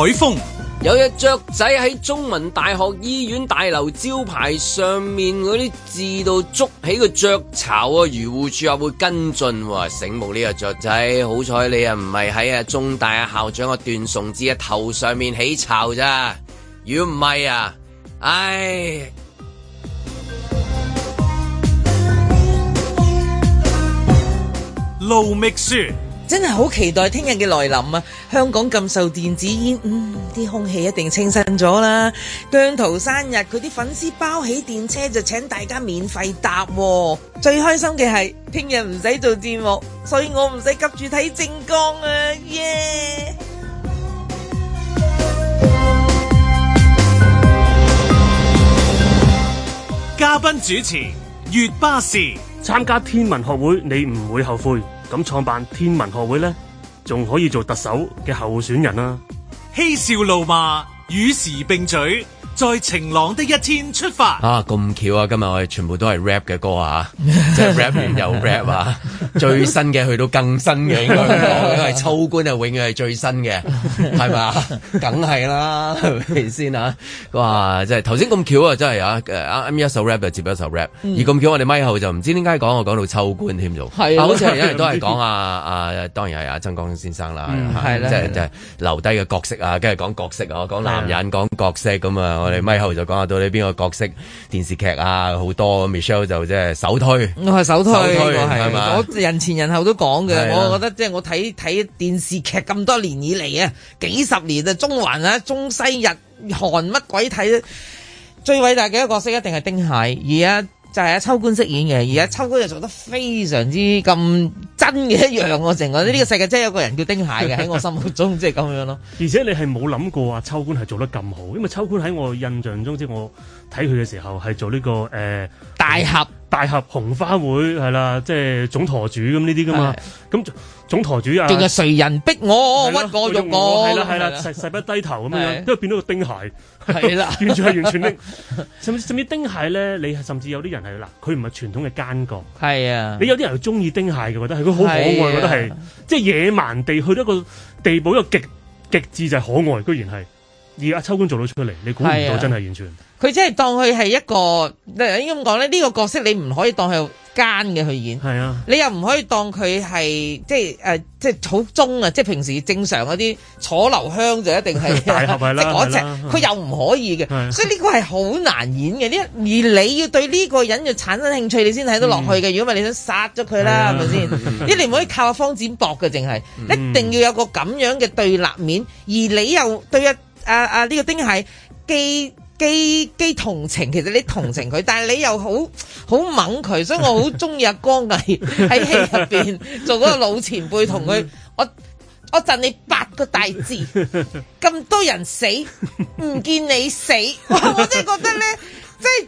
海風有隻雀仔喺中文大學醫院大樓招牌上面嗰啲字度捉起個雀巢啊！漁護署會跟進，醒目呢個雀仔。好彩你啊唔係喺啊中大啊校長阿段崇智啊頭上面起巢咋，如果唔係啊，唉，路覓書。真係好期待聽日嘅來臨啊！香港禁售電子煙，嗯，啲空氣一定清新咗啦。姜濤生日，佢啲粉絲包起電車就請大家免費搭、啊。最開心嘅係聽日唔使做節目，所以我唔使急住睇正光啊！耶、yeah!！嘉賓主持：月巴士參加天文學會，你唔會後悔。咁創辦天文學會咧，仲可以做特首嘅候選人啊！嬉笑怒罵。 與時並舉，在晴朗的一天出發。啊，咁巧啊！今日我哋全部都係 rap 嘅歌啊，即係 rap 完又 rap 啊，最新嘅去到更新嘅，因為秋官啊，永遠係最新嘅，係嘛？梗係啦，先啊。哇！即係頭先咁巧啊，真係啊誒，一一首 rap 就接一首 rap，而咁巧我哋咪後就唔知點解講，我講到秋官添，好似有啲人都係講啊啊，當然係阿曾江先生啦，即係即係留低嘅角色啊，跟住講角色哦，講男人講角色咁啊，我哋咪後就講下到呢邊個角色電視劇啊好多，Michelle 就即係首推，我係首推，係嘛，我人前人後都講嘅， 我覺得即係、就是、我睇睇電視劇咁多年以嚟啊，幾十年啊，中環啊，中西日韓乜鬼睇，最偉大嘅一個角色一定係丁蟹，而家、啊。就係阿、啊、秋官飾演嘅，而家、啊、秋官就做得非常之咁真嘅，一樣我、啊、成個呢個世界真係有個人叫丁蟹嘅，喺我心目中、啊，即係咁樣咯。而且你係冇諗過阿、啊、秋官係做得咁好，因為秋官喺我印象中即係我。睇佢嘅時候係做呢個誒大俠大俠紅花會係啦，即係總舵主咁呢啲噶嘛。咁總舵主啊，定係誰人逼我屈我辱我係啦係啦，誓不低頭咁樣，都變到個丁蟹係啦，完全係完全啲甚至丁蟹咧。你甚至有啲人係嗱，佢唔係傳統嘅奸角係啊。你有啲人中意丁蟹嘅，覺得係佢好可愛，覺得係即係野蠻地去到一個地步，一個極極致就係可愛，居然係而阿秋官做到出嚟，你估唔到真係完全。佢真係當佢係一個，嗱應該咁講咧，呢個角色你唔可以當佢奸嘅去演，係啊，你又唔可以當佢係即係誒，即係好忠啊！即係平時正常嗰啲楚留香就一定係，即係嗰隻，佢又唔可以嘅，所以呢個係好難演嘅。呢，而你要對呢個人要產生興趣，你先睇到落去嘅。如果唔係你想殺咗佢啦，係咪先？你唔可以靠阿方展博嘅，淨係一定要有個咁樣嘅對立面，而你又對一阿阿呢個丁蟹嘅。既既同情，其實你同情佢，但係你又好好掹佢，所以我好中意阿江毅喺 戲入邊做嗰個老前輩同佢，我我贈你八個大字，咁多人死唔見你死，我真係覺得咧，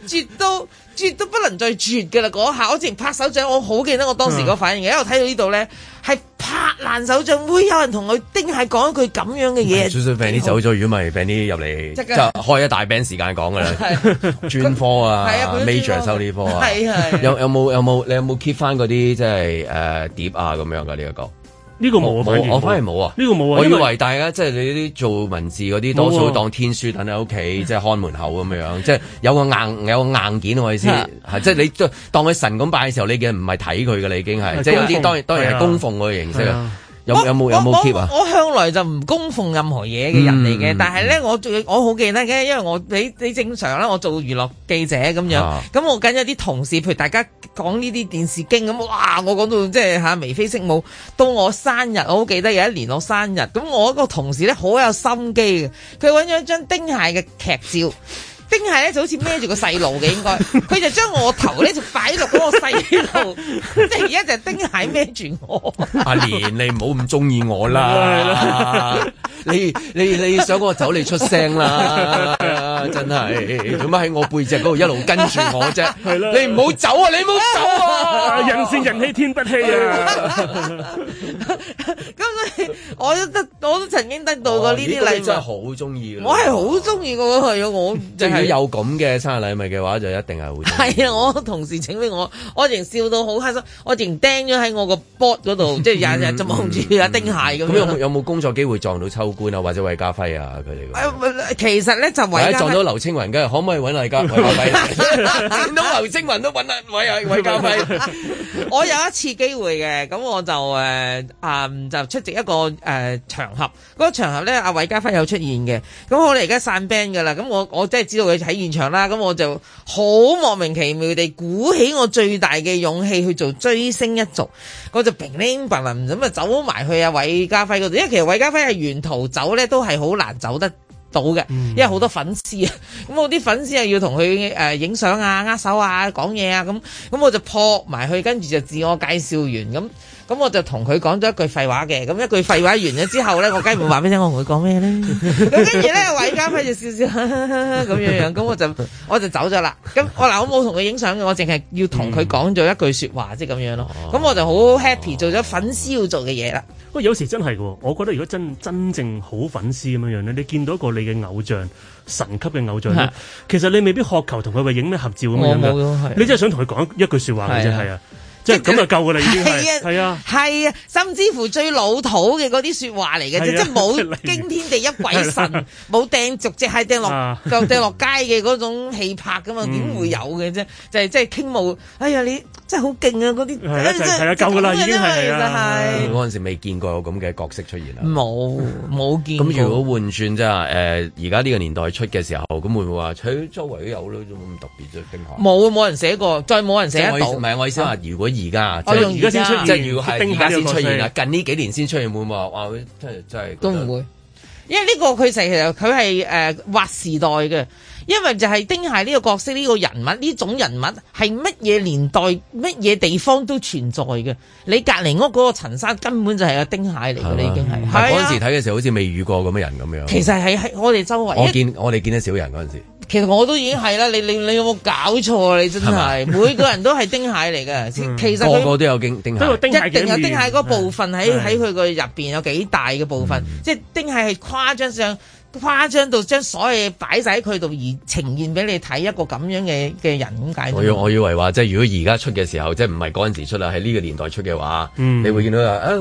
即係絕到。絕都不能再絕嘅啦！嗰下我之前拍手掌，我好記得我當時嗰反應嘅，因為我睇到呢度咧係拍爛手掌，會有人同佢叮係講一句咁樣嘅嘢。少少病啲走咗遠咪，病啲入嚟，即係開一大餅時間講嘅啦。專科啊，major 收呢科啊，有有冇有冇你有冇 keep 翻嗰啲即係誒碟啊咁樣嘅呢一個？呢個冇啊！我反而冇啊！呢個冇啊！我以為大家即係你啲做文字嗰啲，多數會當天書等喺屋企，即係看門口咁樣，即係有個硬有個硬件我意思，係即係你當佢神咁拜嘅時候，你嘅唔係睇佢嘅啦，已經係即係有啲當然當然係供奉嗰種形式啊。有冇有冇 k 啊？我向來就唔供奉任何嘢嘅人嚟嘅。嗯、但係咧，我我好記得嘅，因為我你你正常啦，我做娛樂記者咁樣，咁、啊、我跟咗啲同事，譬如大家講呢啲電視經咁，哇！我講到即係吓眉飛色舞。到我生日，我好記得有一年我生日，咁我一個同事咧好有心機嘅，佢搵咗一張丁蟹嘅劇照。丁蟹咧就好似孭住個細路嘅，應該佢就將我頭咧就擺落嗰個細路，即係而家就丁蟹孭住我。阿蓮，你唔好咁中意我啦，你你你想我走你出聲啦，真係點解喺我背脊嗰度一路跟住我啫？係你唔好走啊！你唔好走啊！人善人欺天不欺啊！咁我我都我都曾經得到過呢啲禮物，真係好中意。我係好中意佢！個我。如果有咁嘅生日禮物嘅話，就一定係會。係啊！我同事請俾我，我仍笑到好開心，我仍釘咗喺我個 board 嗰度，即係日日就望住啊丁蟹咁樣。咁有冇有冇工作機會撞到秋官啊，或者韋家輝啊佢哋？其實咧就韋家。一撞到劉青雲嘅，可唔可以揾韋家輝？見到劉青雲都揾得，揾阿韋家輝。我有一次機會嘅，咁我就誒啊，就出席一個誒場合。嗰個場合咧，阿韋家輝有出現嘅。咁我哋而家散 band 噶啦。咁我我真係知道。佢喺現場啦，咁我就好莫名其妙地鼓起我最大嘅勇氣去做追星一族，我就平呤乓啷咁啊走埋去啊，韋家輝嗰度。因為其實韋家輝係沿途走咧都係好難走得到嘅，因為好多粉絲啊。咁我啲粉絲啊要同佢誒影相啊、握手啊、講嘢啊咁，咁我就撲埋去，跟住就自我介紹完咁。咁我就同佢講咗一句廢話嘅，咁一句廢話完咗之後咧，我梗係 唔會話俾你聽我同佢講咩咧。咁跟住咧，韋家輝就笑笑咁樣樣，咁我就我就走咗啦。咁我嗱，我冇同佢影相嘅，我淨係要同佢講咗一句說話啫，即係咁樣咯。咁我就好 happy，做咗粉絲要做嘅嘢啦。喂、嗯，有時真係嘅，我覺得如果真真正好粉絲咁樣樣，你見到一個你嘅偶像，神級嘅偶像，其實你未必渴求同佢影咩合照咁樣樣，哈哈，你真係想同佢講一句說話嘅啫，係啊哈。的即係咁就夠嘅啦，已經係 啊，係啊，啊甚至乎最老土嘅嗰啲說話嚟嘅啫，即係冇驚天地一鬼神，冇掟逐只係掟落就掟落街嘅嗰種氣魄噶嘛，點會有嘅啫？就係、是、即係傾慕，哎呀你。真係好勁啊！嗰啲係啦，就夠噶啦，已經係啦。嗰陣時未見過有咁嘅角色出現啦，冇冇見。咁如果換轉啫，誒而家呢個年代出嘅時候，咁會唔會話佢周圍都有啲咁特別嘅冰河？冇冇人寫過，再冇人寫得到，唔係我意思啊。如果而家即係而家先出，即係如果係而家先出現啦，近呢幾年先出現，會唔會話即真係真係都唔會，因為呢個佢成日，佢係誒劃時代嘅。因為就係丁蟹呢個角色，呢個人物，呢種人物係乜嘢年代乜嘢地方都存在嘅。你隔籬屋嗰個陳山根本就係個丁蟹嚟嘅，你已經係。嗰陣時睇嘅時候好似未遇過咁嘅人咁樣。其實係我哋周圍。我見我哋見得少人嗰陣時。其實我都已經係啦，你你你有冇搞錯啊？你真係，每個人都係丁蟹嚟嘅。其實個個都有丁蟹。一定有丁蟹嗰部分喺喺佢個入邊有幾大嘅部分，即係丁蟹係誇張相。誇張到將所有嘢擺晒喺佢度而呈現俾你睇一個咁樣嘅嘅人咁解我？我以我以為話即係如果而家出嘅時候，即係唔係嗰陣時出啦，喺呢個年代出嘅話，嗯、你會見到啊、哎，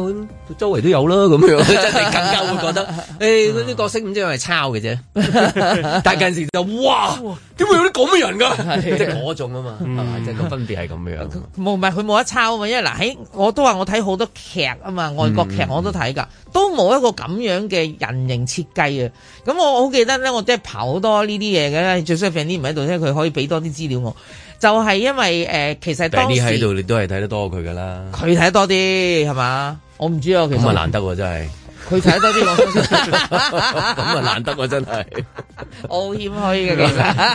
周圍都有啦咁樣， 真係更加會覺得誒，嗰、欸、啲角色唔知係咪抄嘅啫。 但係嗰時就哇，點會有啲咁嘅人噶？即係嗰種啊嘛，即係個分別係咁樣。冇，唔係佢冇得抄啊，因為嗱，喺我都話我睇好多劇啊嘛，外國劇我、嗯、都睇噶，都冇一個咁樣嘅人形設計啊。咁我好記得咧，我真係跑好多呢啲嘢嘅，最衰平啲唔喺度咧，佢可以俾多啲資料我，就係、是、因為誒、呃，其實平啲喺度你都係睇得多佢㗎啦，佢睇得多啲係嘛？我唔知啊，嗯、我其實咁啊難得、嗯、真係。佢睇得啲老，咁啊難得啊真係，好謙虛嘅，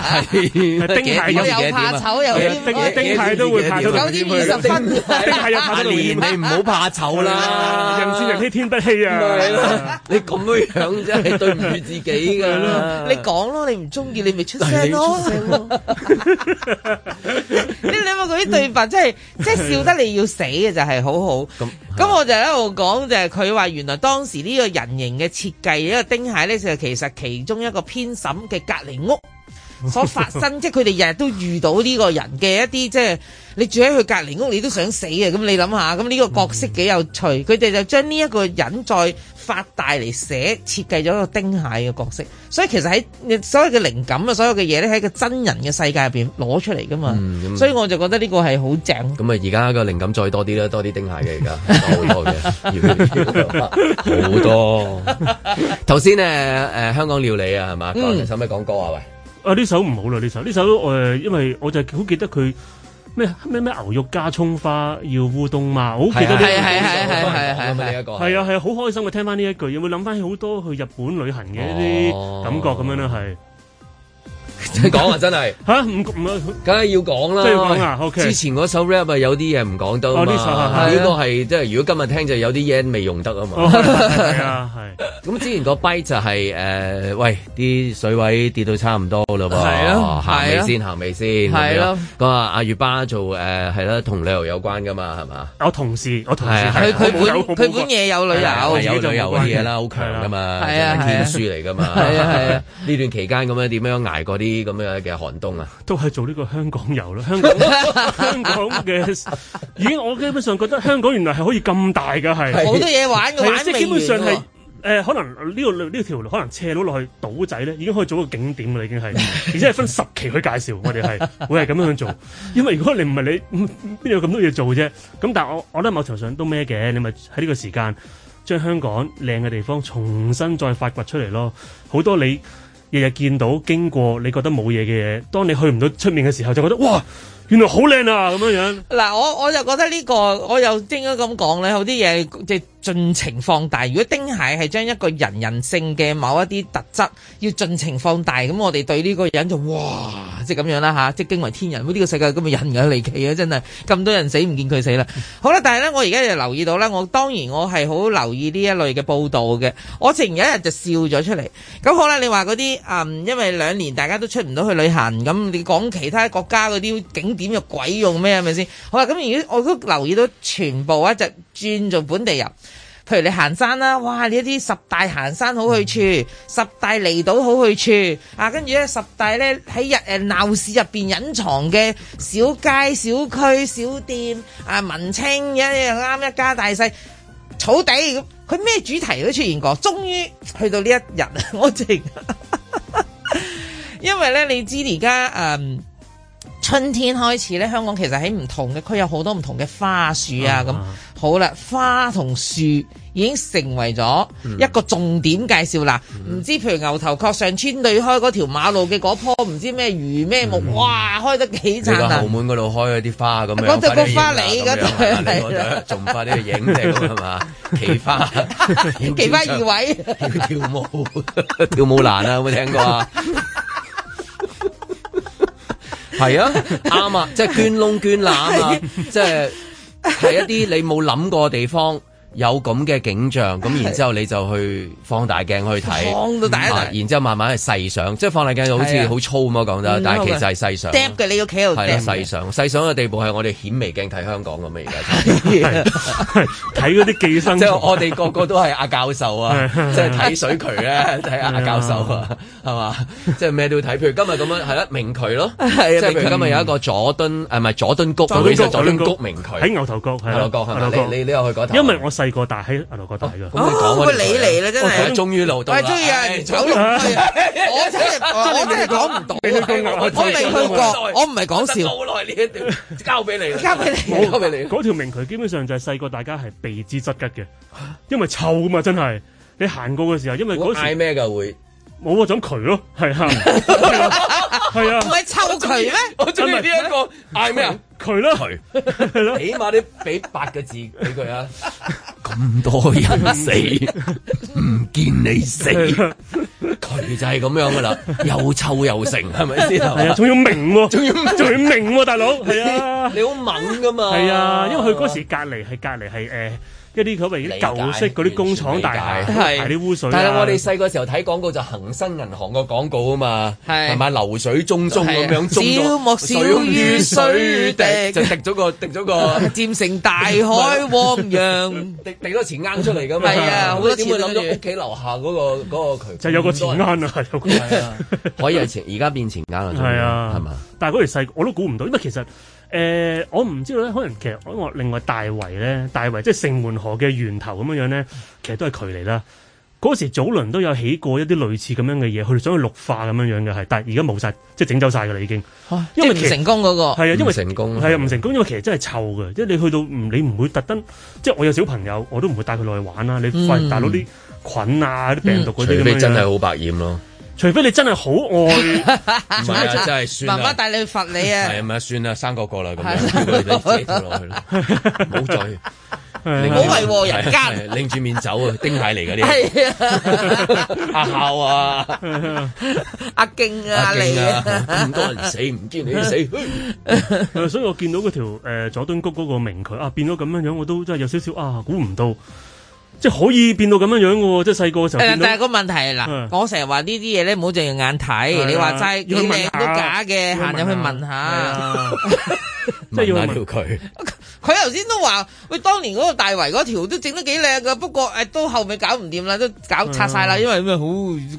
係丁泰又怕醜又丁泰都會怕到九點二十分，丁啊，又怕到連你唔好怕醜啦，人善人欺天不欺啊！你咁樣真係對唔住自己噶，你講咯，你唔中意你咪出聲咯，你有冇嗰啲對白即係，即係笑得你要死嘅就係好好咁，咁我就喺度講就係佢話原來當時。而呢個人形嘅設計，呢個丁蟹呢，就其實其中一個編審嘅隔離屋所發生， 即係佢哋日日都遇到呢個人嘅一啲，即係你住喺佢隔離屋，你都想死啊！咁你諗下，咁呢個角色幾有趣？佢哋 就將呢一個人再發大嚟，寫設計咗一個丁蟹嘅角色，所以其實喺你所有嘅靈感啊，所有嘅嘢咧喺個真人嘅世界入邊攞出嚟噶嘛，所以我就覺得呢個係好正。咁啊，而家個靈感再多啲啦，多啲丁蟹嘅，而家好多嘅，好多。頭先咧，誒，香港料理啊，係嘛？嗯，收咪講歌啊喂。啊，呢首唔好啦，呢首呢首，誒，因為我就係好記得佢。咩咩咩牛肉加蔥花要烏冬嘛？好記得呢個係係係係係係呢一個係啊係、嗯、啊好、啊啊啊啊啊啊、開心啊，聽翻呢一句，有冇諗翻起好多去日本旅行嘅一啲感覺咁樣啦係。哦。你講啊，真係嚇，唔梗係要講啦。真係要講啊，OK。之前嗰首 rap 啊，有啲嘢唔講得嘛，呢個係即係如果今日聽就有啲嘢未用得啊嘛。係啊，係。咁之前個碑就係誒，喂啲水位跌到差唔多啦噃。係先，行未先。係咯。個阿月巴做誒係啦，同旅遊有關噶嘛，係嘛？我同事，我同事。佢本佢本嘢有旅遊，有旅遊嗰啲嘢啦，好強噶嘛。係啊，天書嚟噶嘛。係啊，係啊。呢段期間咁樣點樣捱過啲？啲咁樣嘅寒冬啊，都係做呢個香港遊咯，香港 香港嘅，已經我基本上覺得香港原來係可以咁大嘅，係好多嘢玩嘅，即係 玩 基本上係誒、 呃，可能呢、這個呢條路可能斜到落去島仔咧，已經可以做一個景點啦，已經係，而且係分十期去介紹，我哋係 會係咁樣做，因為如果你唔係你，邊有咁多嘢做啫？咁但係我我，我覺得某程度上都咩嘅，你咪喺呢個時間將香港靚嘅地方重新再發掘出嚟咯，好多你。日日見到經過，你覺得冇嘢嘅嘢，當你去唔到出面嘅時候，就覺得嘩！原來好靚啊，咁樣樣嗱，我我就覺得呢、這個我又應該咁講咧，好啲嘢即係盡情放大。如果丁蟹係將一個人人性嘅某一啲特質要盡情放大，咁我哋對呢個人就哇，即係咁樣啦吓、啊，即係驚為天人。呢、這個世界咁嘅人嘅、啊、離奇啊，真係咁多人死唔見佢死啦。嗯、好啦，但係呢，我而家就留意到呢。我當然我係好留意呢一類嘅報道嘅。我前一日就笑咗出嚟。咁好啦，你話嗰啲嗯，因為兩年大家都出唔到去旅行，咁你講其他國家嗰啲景。點用鬼用咩係咪先？好啦，咁如果我都留意到全部啊，就轉做本地人。譬如你行山啦，哇！你一啲十大行山好去處，十大離島好去處啊，跟住咧十大咧喺日誒鬧、呃、市入邊隱藏嘅小街小區小店啊，文青嘅啱、啊、一家大細草地，咁佢咩主題都出現過。終於去到呢一日，我直， 因為咧你知而家誒。嗯春天開始咧，香港其實喺唔同嘅區有好多唔同嘅花樹啊。咁好啦，花同樹已經成為咗一個重點介紹啦。唔知譬如牛頭角上村對開嗰條馬路嘅嗰棵唔知咩魚咩木，哇，開得幾慘啊！澳門嗰度開咗啲花咁樣。嗰隻菊花嚟，嗰度。你嗰度種花都要影嘛？奇花，奇花異卉，跳舞，跳舞蘭啊，有冇聽過啊？係啊，啱 啊， 即係捐窿捐罅啊，即係係一啲你冇諗過嘅地方。有咁嘅景象，咁然之後你就去放大鏡去睇，然之後慢慢係細想，即係放大鏡好似好粗咁咯講得，但係其實係細想。Depth 嘅你要企喺度，細想細想嘅地步係我哋顯微鏡睇香港咁而家睇嗰啲寄生即係我哋個個都係阿教授啊，即係睇水渠咧，睇阿教授啊，係嘛？即係咩都睇，譬如今日咁樣係啦，明渠咯，即係今日有一個佐敦誒係咪？佐敦谷，佐敦谷明渠喺牛頭角牛頭角係嘛？你你又去嗰頭？因為我細。個大喺六個大噶，啊，個你嚟啦，真係終於留到啦，終於啊，草龍飛啊，我真係我真係講唔到，我未去過，我唔係講笑，好耐呢一條交俾你，交俾你，交俾你，嗰條明渠基本上就係細個大家係避之則吉嘅，因為臭噶嘛，真係你行過嘅時候，因為嗰時咩噶會，冇啊，種渠咯，係啊。係啊，唔係臭佢咩？我中意呢一個嗌咩啊？佢咯，佢起碼你俾八個字俾佢啊！咁多人死，唔見你死，佢就係咁樣噶啦，又臭又成，係咪先？係啊，仲要明喎，仲要仲要明喎，大佬係啊，你好猛噶嘛？係啊，因為佢嗰時隔籬係隔籬係誒。一啲佢咪啲舊式嗰啲工廠大廈係啲污水，但係我哋細個時候睇廣告就恒生銀行個廣告啊嘛，係咪？流水中中，咁樣，小漠小於水滴，就滴咗個滴咗個漸成大海汪洋，滴咗個錢罌出嚟咁。係啊，好多次會諗到屋企樓下嗰個嗰個渠，就有個錢罌啊，有係可以係而家變錢罌啊。係啊，係嘛？但係嗰時細我都估唔到，因為其實。誒、呃，我唔知道咧，可能其實我另外大圍咧，大圍即係城門河嘅源頭咁樣樣咧，其實都係距離啦。嗰時早輪都有起過一啲類似咁樣嘅嘢，佢哋想去綠化咁樣樣嘅係，但係而家冇晒，即係整走晒㗎啦已經。因為唔、啊、成功嗰、嗰個係啊，因為唔成功係啊，唔成功，因為其實真係臭嘅，即係你去到你唔會特登，即係我有小朋友，我都唔會帶佢落去玩啦。嗯、你發現大陸啲菌啊、啲、嗯、病毒嗰啲你真係好百厭咯。除非你真係好愛，唔係啊！真係算爸爸帶你去罰你啊！係咪啊？算啦，生個個啦咁樣，自己走落去啦，冇罪，你唔好為禍人間拎住面走啊，丁蟹嚟㗎啲，係啊，阿孝啊，阿勁啊，嚟啊，咁多人死唔見你死，所以我見到嗰條誒佐敦谷嗰個明渠啊，變到咁樣樣，我都真係有少少啊，估唔到。即係可以變到咁樣樣嘅喎，即係細個嘅時候、嗯。但係個問題係嗱，嗯、我成日話呢啲嘢咧，唔好淨係用眼睇。你話齋個名都假嘅，行入去問下，即係、嗯、 要問佢。 佢頭先都話：喂，當年嗰個大圍嗰條都整得幾靚噶，不過誒，都、哎、後尾搞唔掂啦，都搞拆晒啦，因為咩好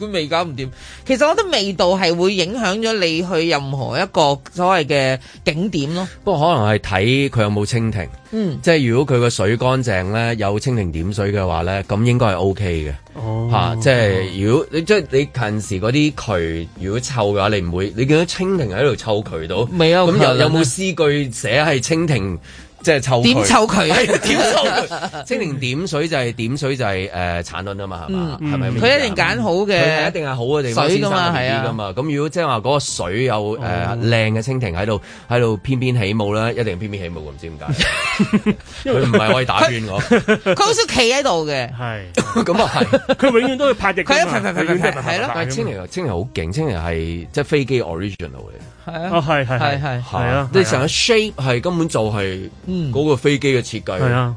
都未搞唔掂。其實我覺得味道係會影響咗你去任何一個所謂嘅景點咯。不過可能係睇佢有冇蜻蜓，嗯，即係如果佢個水乾淨咧，有蜻蜓點水嘅話咧，咁應該係 O K 嘅。嚇、哦啊，即係如果你即係你近時嗰啲渠如果臭嘅話你，你唔會你見到蜻蜓喺度臭渠度。未啊，咁有有冇詩句寫係蜻蜓？即係抽佢，點抽佢？點抽佢？蜻蜓點水就係點水就係誒產卵啊嘛，係嘛？係咪？佢一定揀好嘅，一定係好嘅地方先生魚啲噶嘛。咁如果即係話嗰個水有誒靚嘅蜻蜓喺度喺度翩翩起舞啦，一定翩翩起舞。唔知點解？佢唔係可以打亂我，佢好少企喺度嘅。係咁啊係，佢永遠都會拍翼。佢一拍拍拍，係咯。但係蜻蜓蜻蜓好勁，蜻蜓係即係飛機 original 嚟。係啊，係係係係，係啊！你成個 shape 係根本就係嗰個飛機嘅設計。係啊，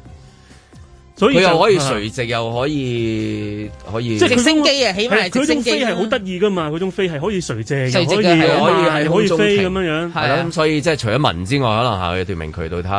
所以佢又可以垂直，又可以可以，即係直升機啊！起碼係佢種飛係好得意噶嘛，佢種飛係可以垂直，垂直可以係可以飛咁樣樣。係啦，咁所以即係除咗聞之外，可能下有段明渠度睇，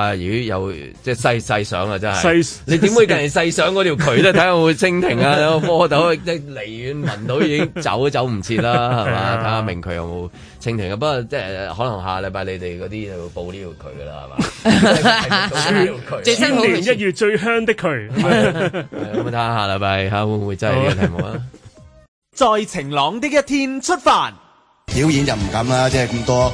如果有即係細細想啊，真係。你點會淨係細想嗰條渠咧？睇下個蜻蜓啊，個蝌蚪即係離遠聞到已經走都走唔切啦，係嘛？睇下明渠有冇。清平嘅，不過即係可能下禮拜你哋嗰啲就會報呢個佢噶啦，係嘛？報呢個佢。新年一月最香的佢，咁啊睇下下禮拜吓會唔會真係呢個題目啊？在晴朗的一天出發，表演就唔敢啦，即係咁多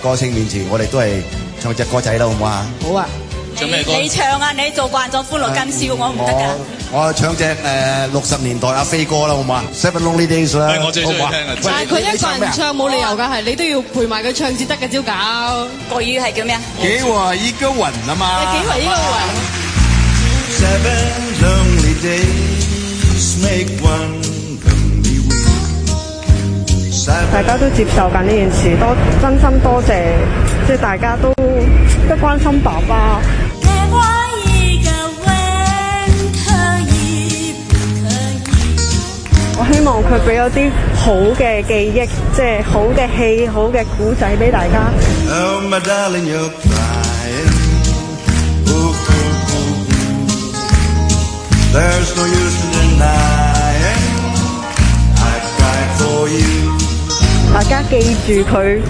誒歌星面前，我哋都係唱隻歌仔啦，好唔好啊？好啊。你唱啊！你做慣咗歡樂今宵，我唔得噶。我唱隻誒六十年代阿飛歌啦，好嘛？Seven Lonely Days 啦，好啩。但係佢一個人唱冇理由㗎，係你都要陪埋佢唱至得嘅，招搞。國語係叫咩啊？給我一個吻啊嘛！給我一個吻。大家都接受緊呢件事，多真心多謝，即係大家都都關心爸爸。我希望佢俾咗啲好嘅記憶，即係好嘅戲、好嘅古仔俾大家。大家記住佢，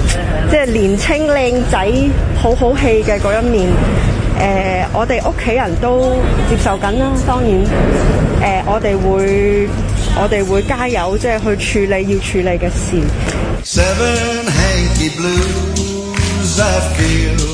即係年輕靚仔、好好戲嘅嗰一面。誒、呃，我哋屋企人都接受緊啦。當然，誒、呃，我哋會，我哋會加油，即係去處理要處理嘅事。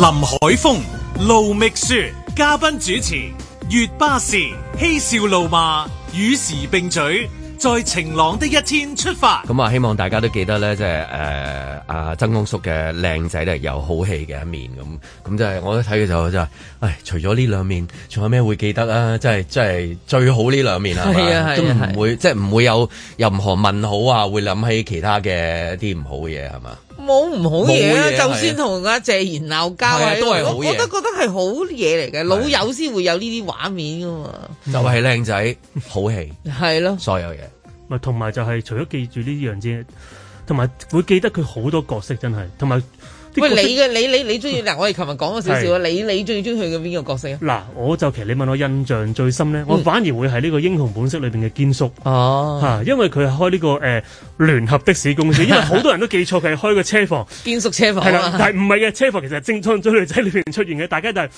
林海峰、盧覓雪嘉賓主持，月巴士嬉笑怒罵，與時並嘴，在晴朗的一天出發。咁啊、嗯，希望大家都記得咧，即係誒啊曾公叔嘅靚仔咧，都有好戲嘅一面。咁咁即係，我睇嘅時候就係、是，誒，除咗呢兩面，仲有咩會記得啊？即係即係最好呢兩面啊？係吧啊係啊唔會即係唔會有任何問號啊，會諗起其他嘅一啲唔好嘢係嘛？冇唔好嘢啊！就算同阿謝賢鬧交，的都係好嘢。我都覺得係好嘢嚟嘅，的老友先會有呢啲畫面噶嘛。就係靚仔，好戲，係咯，的所有嘢。咪同埋就係除咗記住呢樣啫，同埋會記得佢好多角色，真係，同埋。喂，你嘅你你你中意嗱？我哋琴日講咗少少啊，你你最中意佢嘅邊個角色啊？嗱，我就其實你問我印象最深咧，我反而會係呢個英雄本色裏邊嘅堅叔哦，吓、嗯啊，因為佢係開呢、這個誒聯、呃、合的士公司，因為好多人都記錯佢係開個車房，堅叔車房係、啊、啦，但係唔係嘅，車房其實精裝追女仔裏邊出現嘅，大家就係。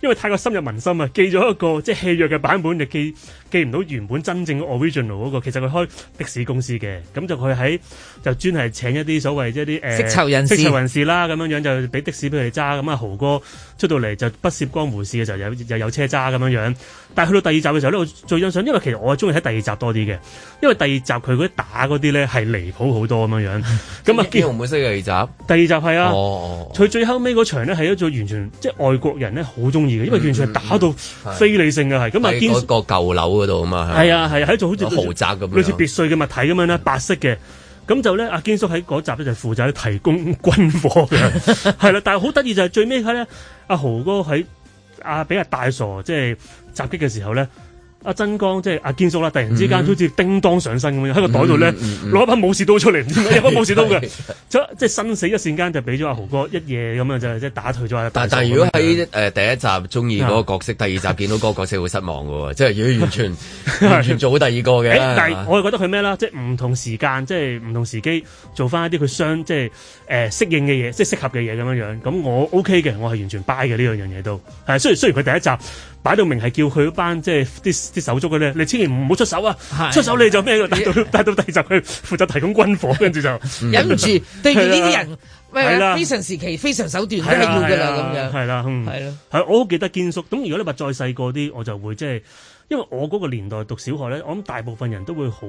因為太過深入民心啊，記咗一個即係戲約嘅版本，就記記唔到原本真正嘅 original 嗰個。其實佢開的士公司嘅，咁就佢喺就專係請一啲所謂即係啲誒，釋囚、呃、釋囚人士啦咁樣樣就俾的士俾佢揸，咁啊豪哥出到嚟就不涉江湖事嘅時候，又又有，有車揸咁樣樣。但係去到第二集嘅時候呢，我最欣賞，因為其實我係中意睇第二集多啲嘅，因為第二集佢嗰啲打嗰啲咧係離譜好多咁樣樣。咁啊堅，紅梅色嘅二集，第二集係啊，佢最後尾嗰場咧係一種完全即係外國人呢好中意嘅，因為完全打到非理性嘅係。咁啊堅叔個舊樓嗰度啊嘛，係啊係，係一種好似豪宅咁，類似別墅嘅物體咁樣啦，白色嘅。咁就咧阿堅叔喺嗰集咧就負責提供軍火，係啦。但係好得意就係最尾睇咧，阿豪哥喺。啊，俾阿大傻，即係襲擊嘅時候咧。阿真光即係阿堅叔啦，突然之間好似叮當上身咁樣，喺個袋度咧攞一把武士刀出嚟，一把武士刀嘅，即即生死一線間就俾咗阿豪哥一夜咁樣就即打退咗阿。但但如果喺誒第一集中意嗰個角色，第二集見到嗰個角色會失望喎，即係如果完全完全做好第二個嘅。但誒，我係覺得佢咩啦？即係唔同時間，即係唔同時機做翻一啲佢相即係誒適應嘅嘢，即係適合嘅嘢咁樣樣。咁我 OK 嘅，我係完全 buy 嘅呢兩樣嘢都係。雖然雖然佢第一集擺到明係叫佢班即係啲。啲手足嘅咧，你千祈唔好出手啊！出手你就咩？帶到帶到第二集去負責提供軍火，跟住就忍唔住。對住呢啲人，咩非常時期、非常手段都係要嘅啦，咁樣。係啦，係咯，係。我好記得堅叔。咁如果你話再細個啲，我就會即係，因為我嗰個年代讀小學咧，我諗大部分人都會好，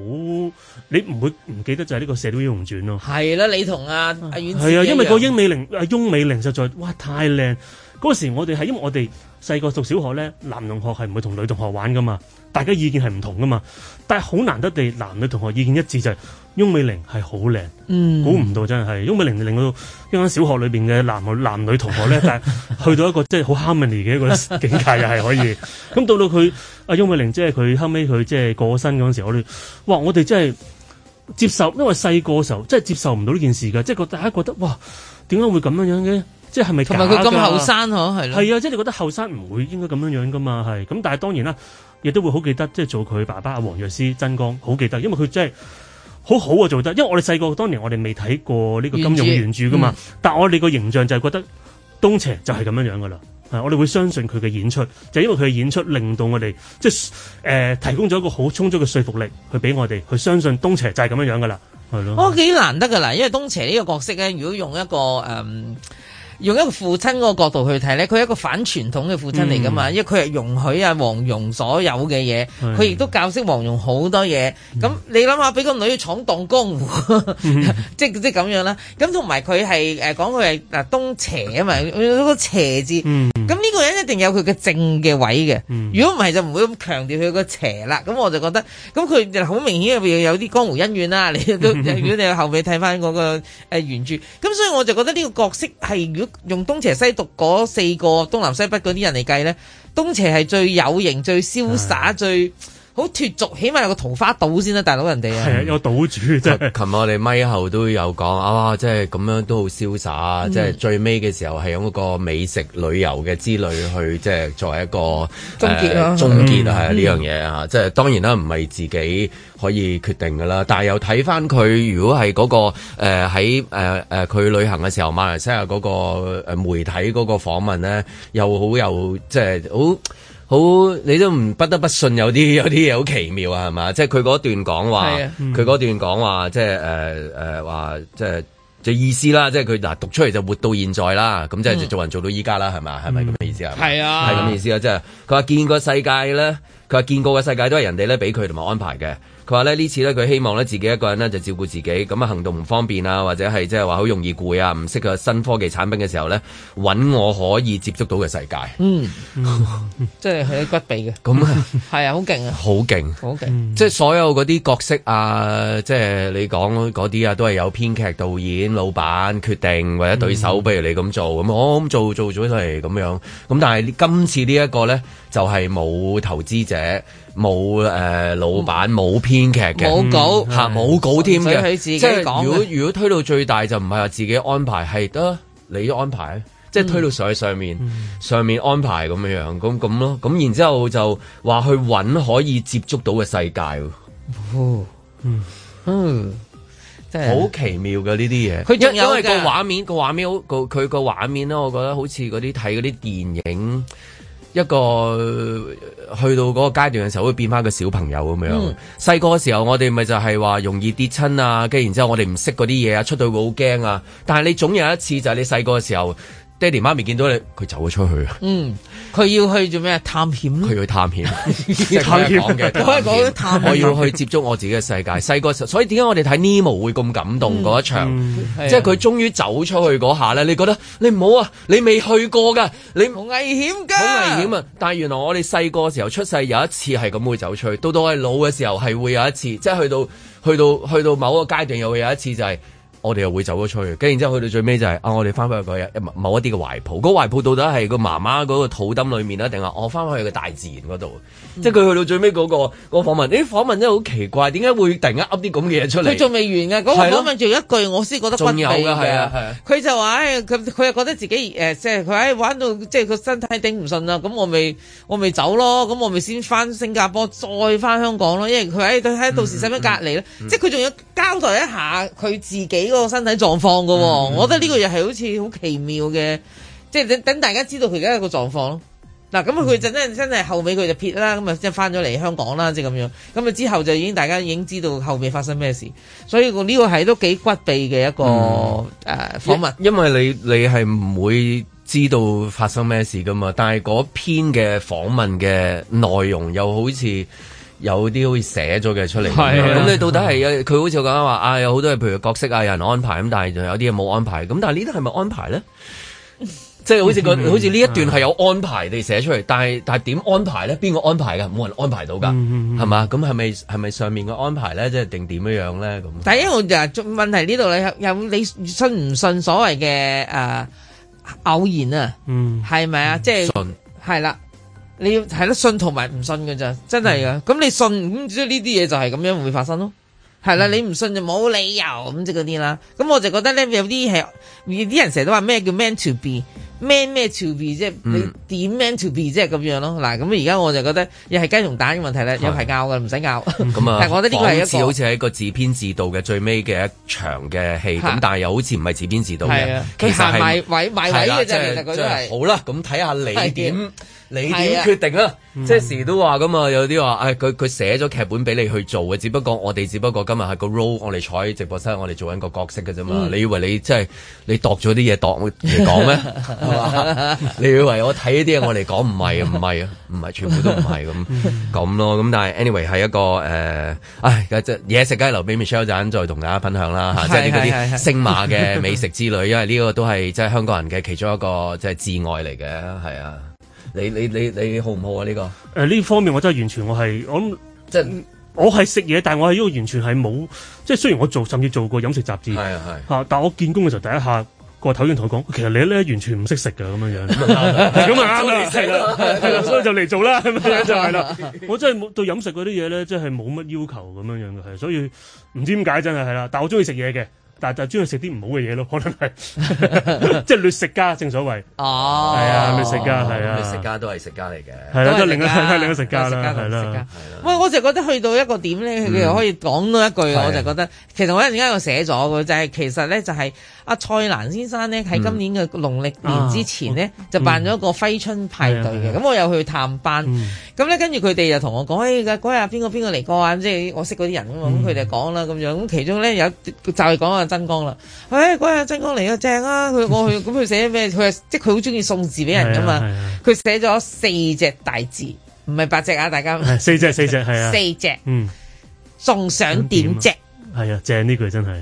你唔會唔記得就係呢個《射雕英雄傳》咯。係啦，你同阿阿阮。係啊，因為個英美玲、阿翁美玲實在哇太靚。嗰時我哋係因為我哋。細個讀小學咧，男同學係唔會同女同學玩噶嘛？大家意見係唔同噶嘛？但係好難得地，男女同學意見一致就係、是、翁美玲係好靚，估唔、嗯、到真係翁美玲令到一間小學裏邊嘅男男女同學咧，但係去到一個 即係好 harmony 嘅一個境界又係可以。咁、 嗯、到到佢阿翁美玲，即係佢後尾，佢即係過身嗰陣時，我哋哇，我哋真係接受，因為細個嘅時候真係接受唔到呢件事噶，即係個大家覺得哇，點解會咁樣樣嘅？即係咪同埋佢咁後生嗬，係咯？係啊， 即係你覺得後生唔會應該咁樣樣噶嘛？係咁，但係當然啦，亦都會好記得，即係做佢爸爸阿黃藥師曾江好記得，因為佢真係好好啊做得。因為我哋細個當年我哋未睇過呢個金庸原著噶嘛，嗯、但我哋個形象就係覺得東邪就係咁樣樣噶啦。係我哋會相信佢嘅演出，就是、因為佢嘅演出令到我哋即係誒提供咗一個好充足嘅說服力去俾我哋去相信東邪就係咁樣樣噶啦。係咯，我幾、哦嗯、難得噶啦，因為東邪呢個角色咧，如果用一個誒。嗯用一個父親嗰個角度去睇咧，佢係一個反傳統嘅父親嚟㗎嘛，因為佢係容許阿、啊、黃蓉所有嘅嘢，佢亦、嗯、都教識黃蓉好多嘢。咁、嗯、你諗下，俾個女闖蕩江湖， 即即咁樣啦。咁同埋佢係誒講佢係嗱東邪啊嘛，嗰、那個邪字。咁呢、嗯、個人一定有佢嘅正嘅位嘅。如果唔係就唔會咁強調佢個邪啦。咁我就覺得，咁佢好明顯係有啲江湖恩怨啦。你都、嗯、 如果你後尾睇翻嗰個誒原著，咁所以我就覺得呢個角色係如果。用東邪西毒嗰四個東南西北嗰啲人嚟計咧，東邪係最有型、最瀟灑、最好脫俗，起碼有個桃花島先啦，大佬人哋啊，係啊， 有島主。即係。琴日我哋咪後都有講啊，即係咁樣都好瀟灑，即係最尾嘅時候係用嗰個美食旅遊嘅之旅去即係作為一個終結，就是、總結咯，總結係啊呢樣嘢啊，即係當然啦，唔係自己可以決定噶啦，但係又睇翻佢如果係嗰、嗰個誒喺誒誒佢旅行嘅時候，馬來西亞嗰個誒媒體嗰個訪問咧，又好又即係好。好，你都唔不得不信有啲有啲嘢好奇妙啊，係、嗯、嘛？即係佢嗰段講話，佢嗰段講話，即係誒誒話，即係就意思啦。即係佢嗱讀出嚟就活到現在啦，咁即係做人做到依家啦，係咪？係咪咁嘅意思、嗯、係嘛啊？係啊，係咁嘅意思啊！即係佢話見過世界咧，佢話見過嘅世界都係人哋咧俾佢同埋安排嘅。佢話呢呢次呢佢希望呢自己一個人呢就照顧自己，咁啊行動唔方便啊，或者係即係話好容易攰啊，唔識個新科技產品嘅時候呢，揾我可以接觸到嘅世界。嗯，嗯 即係佢骨痹嘅。咁啊、嗯，係啊， 好勁啊，好勁、嗯，好勁。即係所有嗰啲角色啊，即係你講嗰啲啊，都係有編劇、導演、老闆決定，或者對手，嗯、譬如你咁做咁，我、嗯、咁做做咗嚟咁樣。咁但係今次呢一個呢。呢就係冇投資者，冇誒老闆，冇編劇嘅，冇稿吓，冇稿添嘅，即係如果如果推到最大就唔係話自己安排，係得你安排，即係推到上去上面上面安排咁樣樣，咁咁咯，咁然之後就話去搵可以接觸到嘅世界，真係好奇妙嘅呢啲嘢。佢因為個畫面個畫面好，佢個畫面咧，我覺得好似嗰啲睇嗰啲電影。一個去到嗰個階段嘅時候，會變翻個小朋友咁樣。細個嘅時候，我哋咪就係話容易跌親啊，跟住然之後我哋唔識嗰啲嘢啊，出到去會好驚啊。但係你總有一次就係你細個嘅時候。爹哋媽咪見到你，佢走咗出去啊！嗯，佢要去做咩探險咧？佢去探險，講嘅。 講探險，我要去接觸我自己嘅世界。細個險險時候，所以點解我哋睇 Nemo 會咁感動嗰、嗯、一場？嗯、即係佢終於走出去嗰下咧，你覺得、嗯、你唔好啊？你未去過噶，你好危險噶，好危險啊！但係原來我哋細個嘅時候出世有一次係咁會走出去，到到我哋老嘅時候係會有一次，即係去到去到去到某個階段又會有一次就係、是。我哋又會走咗出去，跟住然之後去到最尾就係啊，我哋翻返去日某一啲嘅懷抱，嗰懷抱到底係個媽媽嗰個肚墩裏面咧，定係我翻返去嘅大自然嗰度？即係佢去到最尾嗰個個訪問，啲訪問真係好奇怪，點解會突然間噏啲咁嘅嘢出嚟？佢仲未完㗎，嗰、那個訪問仲有一句，啊、我先覺得骨痹。仲有啊，佢、啊、就話誒，佢佢又覺得自己誒、呃哎，即係佢喺玩到即係佢身體頂唔順啦，咁我咪我咪走咯，咁我咪先翻新加坡，再翻香港咯，因為佢喺、哎、到時使唔使隔離咧？即係佢仲要交代一下佢自己。個身體狀況噶，嗯、我覺得呢個又係好似好奇妙嘅，即、就、係、是、等等大家知道佢而家個狀況咯。嗱、啊，咁佢真真真係後尾佢就撇啦，咁啊即係翻咗嚟香港啦，即係咁樣。咁啊之後就已經大家已經知道後尾發生咩事，所以呢個係都幾骨痹嘅一個誒訪、嗯啊、問。因為你你係唔會知道發生咩事噶嘛，但係嗰篇嘅訪問嘅內容又好似。有啲好似寫咗嘅出嚟，咁你到底係佢好似講話，啊有好多譬如角色啊，有人安排，咁但係就有啲嘢冇安排，咁但係呢啲係咪安排咧？即係好似好似呢一段係有安排你寫出嚟，但係但係點安排咧？邊個安排噶？冇人安排到噶，係嘛？咁係咪係咪上面嘅安排咧？即係定點樣樣咧？咁，第一個問題呢度你有你信唔信所謂嘅誒偶然啊？嗯，係咪啊？即係係啦。你要係咯，信同埋唔信噶咋，真係噶。咁你信唔知呢啲嘢就係咁樣會發生咯。係啦，你唔信就冇理由咁即嗰啲啦。咁我就覺得咧，有啲係，啲人成日都話咩叫 man to be，man 咩 to be 即係點 man to be 即啫？咁樣咯。嗱，咁而家我就覺得又係雞同蛋嘅問題咧，又係拗嘅，唔使拗。咁啊，我覺得呢個係一次好似係一個自編自導嘅最尾嘅一場嘅戲，咁但係又好似唔係自編自導嘅。其實行埋位埋位嘅啫，其實佢都係。好啦，咁睇下你點。你點決定啊？即時都話咁啊，有啲話誒，佢佢寫咗劇本俾你去做嘅，只不過我哋只不過今日係個 role，我哋坐喺直播室，我哋做緊個角色嘅啫嘛。你以為你即係你度咗啲嘢度嚟講咩？你以為我睇啲嘢我哋講唔係啊？唔係啊？唔係全部都唔係咁咁咯。咁但係 anyway 係一個誒，唉，嘢食梗係留俾 Michelle 陣再同大家分享啦。嚇，即係啲啲星馬嘅美食之類，因為呢個都係即係香港人嘅其中一個即係摯愛嚟嘅，係啊。你你你你好唔好啊？呢、這個誒呢、呃、方面我真係完全我係我諗即係我係食嘢，但係我係呢個完全係冇即係雖然我做甚至做過飲食雜誌係啊係吓、啊啊，但係我見工嘅時候第一下個頭先同我講，其實你咧完全唔識食噶咁樣 樣係咁 啊，啱啦係啦，所以就嚟做啦咁樣就係、是、啦、 啊。我真係冇對飲食嗰啲嘢咧，即係冇乜要求咁樣樣嘅係，所以唔知點解真係係啦，但係我中意食嘢嘅。但就中意食啲唔好嘅嘢咯，可能係即係劣食家，正所謂哦，係啊，劣食家係啊，劣食家都係食家嚟嘅，係啦對，都另一係另一食家啦，係啦了，了喂，我就覺得去到一個點咧，佢又可以講到一句，mm. 我就覺得其實我一陣間又寫咗嘅，就係、是、其實咧就係、是。就是阿蔡瀾先生咧，喺今年嘅農曆年之前咧，就辦咗個揮春派對嘅，咁我又去探班。咁咧跟住佢哋就同我講：哎，嗰日邊個邊個嚟過啊？即係我識嗰啲人啊嘛。咁佢哋講啦咁樣。咁其中咧有就係講阿曾江啦。哎，嗰日曾江嚟啊，正啊！佢我去，咁佢寫咩？佢即係佢好中意送字俾人噶嘛。佢寫咗四隻大字，唔係八隻啊，大家。四隻，四隻，係啊。四隻。仲想上點只？係啊，正呢句真係。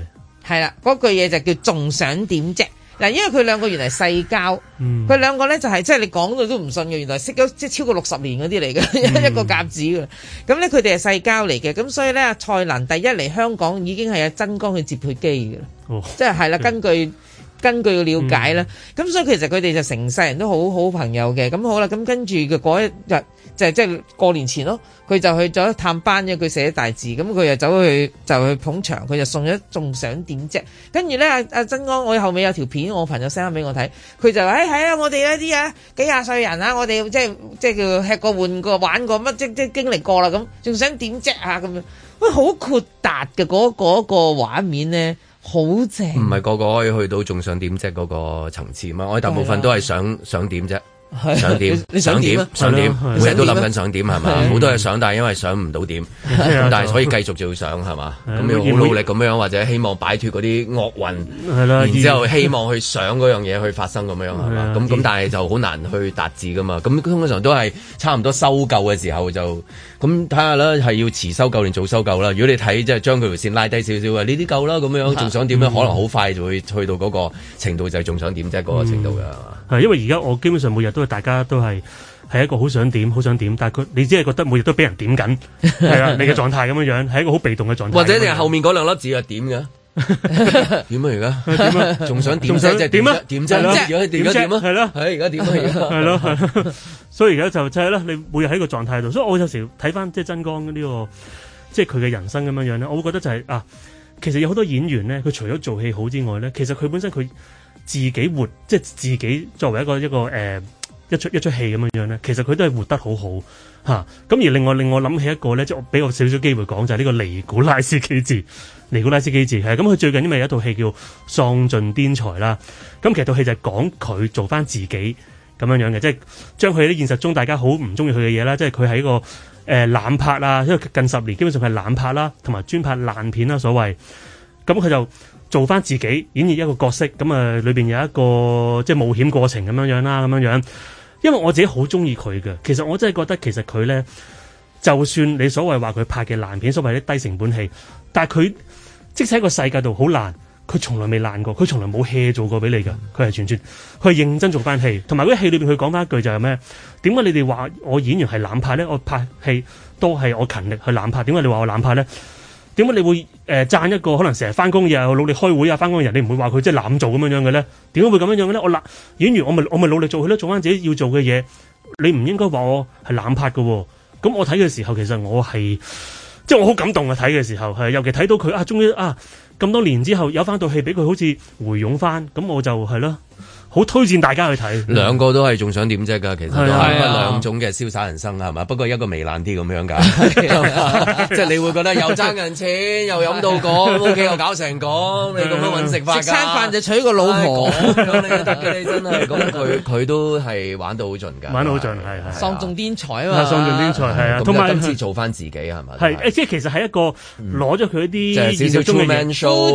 係啦，嗰句嘢就叫仲想點啫？嗱，因為佢兩個原來世交，佢兩個咧就係即係你講到都唔信嘅，原來識咗即係超過六十年嗰啲嚟嘅一個甲子嘅。咁咧佢哋係世交嚟嘅，咁所以咧啊蔡瀾第一嚟香港已經係有曾江去接佢機嘅，即係係啦。根據根據嘅瞭解咧，咁所以其實佢哋就成世人都好好朋友嘅。咁好啦，咁跟住嘅嗰一日。即係過年前咯，佢就去咗探班嘅，佢寫大字，咁佢又走去就去捧場，佢就送咗「仲想點啫」。跟住咧，阿、啊、曾、啊、光，我後尾有條片，我朋友 send 俾我睇，佢就話，誒係啊，我哋呢啲啊，幾廿歲人啊，我哋即係即係叫吃過、玩過、玩過乜即即係經歷過啦，咁仲想點啫啊？咁樣喂，好豁達嘅嗰嗰個畫面呢，好正。唔係個、個個可以去到仲想點啫嗰個層次嘛？我大部分都係想了想點啫。想點？想點？想點？每日都諗緊想點係嘛？好多嘢想，但係因為想唔到點，但係所以繼續就要想係嘛？咁要好努力咁樣，或者希望擺脫嗰啲惡運，然之後希望去想嗰樣嘢去發生咁樣係嘛？咁咁但係就好難去達至噶嘛？咁通常都係差唔多收夠嘅時候就。咁睇下啦，係要遲收夠定早收夠啦。如果你睇即係將佢條線拉低少少啊，呢啲夠啦咁樣，仲想點咧？可能好快就會去到嗰個程度，就係仲想點啫。係嗰個程度㗎。係因為而家我基本上每日都係大家都係係一個好想點好想點，但係佢你只係覺得每日都俾人點緊，係啊，你嘅狀態咁樣樣係一個好被動嘅狀態。或者你係後面嗰兩粒字係點嘅？點啊而家，啊仲 想點啫？即係點啊，點啫樣！而家點啊，係咯， 係而家點啊，係咯。所以而家就即係啦，你每日喺個狀態度。所以我有時睇翻即係曾江呢個，即係佢嘅人生咁樣樣咧，我會覺得就係、是、啊，其實有好多演員咧，佢除咗做戲好之外咧，其實佢本身佢自己活，即係自己作為一個一個誒一,一,一齣一齣戲咁樣樣咧，其實佢都係活得好好。嚇！咁而另外，另外諗起一個咧，即我畀少少機會講，就係、是、呢個尼古拉斯基治。尼古拉斯基治係咁，佢、嗯、最近因為有一套戲叫《喪盡天才》啦。咁、嗯、其實套戲就係講佢做翻自己咁樣樣嘅，即係將佢啲現實中大家好唔中意佢嘅嘢啦。即係佢喺個誒濫、呃、拍啦，因為近十年基本上係冷拍啦，同埋專拍爛片啦，所謂。咁佢就做翻自己，演繹一個角色。咁、嗯、啊，裏、呃、邊有一個即係冒險過程咁樣樣啦，咁樣樣。因為我自己好中意佢嘅，其實我真係覺得其實佢咧，就算你所謂話佢拍嘅爛片，所謂啲低成本戲，但係佢即使喺個世界度好爛，佢從來未爛過，佢從來冇 hea 做過俾你噶，佢係全全，佢係認真做翻戲，同埋嗰啲戲裏邊佢講翻一句就係、是、咩？點解你哋話我演員係濫拍咧？我拍戲都係我勤力去濫拍，點解你話我濫拍咧？點解你會誒讚、呃、一個可能成日翻工又努力開會啊翻工嘅人，你唔會話佢即係濫做咁樣呢樣嘅咧？點解會咁樣樣嘅咧？我濫，演員我咪我咪努力做佢咯，做翻自己要做嘅嘢。你唔應該話我係濫拍嘅，哦。咁我睇嘅時候，其實我係即係我好感動啊！睇嘅時候係，尤其睇到佢啊，終於啊，咁多年之後有翻部戲俾佢好似回勇翻，咁我就係咯。好推薦大家去睇，兩個都係仲想點啫㗎？其實都係分兩種嘅瀟灑人生係嘛？不過一個糜爛啲咁樣㗎，即係你會覺得又爭人錢，又飲到講屋企又搞成講，你咁樣揾食飯，食餐飯就娶個老婆，咁你得嘅，你真係咁，佢佢都係玩到好盡㗎，玩到好盡係啊！雙重天才啊嘛，雙重天才係啊，同埋今次做翻自己係咪？即係其實係一個攞咗佢啲即係少少 Truman Show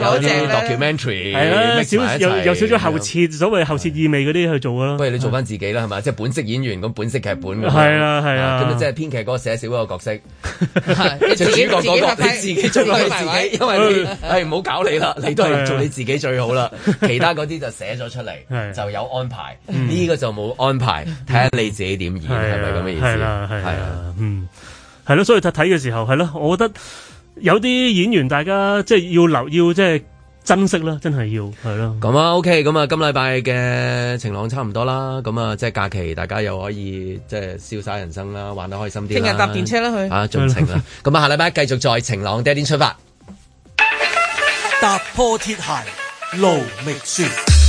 有啲 documentary 係少少咗所謂後設意味嗰啲去做咯，不如你做翻自己啦，係咪？即係本色演員咁，本色劇本。係啦係啦，咁啊即係編劇嗰個寫少個角色，就主角嗰個你自己做你自己，因為誒唔好搞你啦，你都係做你自己最好啦，其他嗰啲就寫咗出嚟就有安排，呢個就冇安排，睇下你自己點演係咪咁嘅意思？係啦係啦，係咯，所以睇睇嘅時候係咯，我覺得有啲演員大家即係要留要即係。珍惜啦，真係要係咯。咁啊、嗯、，OK，咁、嗯、啊，今禮拜嘅晴朗差唔多啦。咁、嗯、啊，即係假期，大家又可以即係瀟灑人生啦，玩得開心啲啦。聽日搭電車啦去。啊，盡情啦。咁啊、 嗯，下禮拜繼續在晴朗嘅一天出發，踏破鐵鞋無覓處。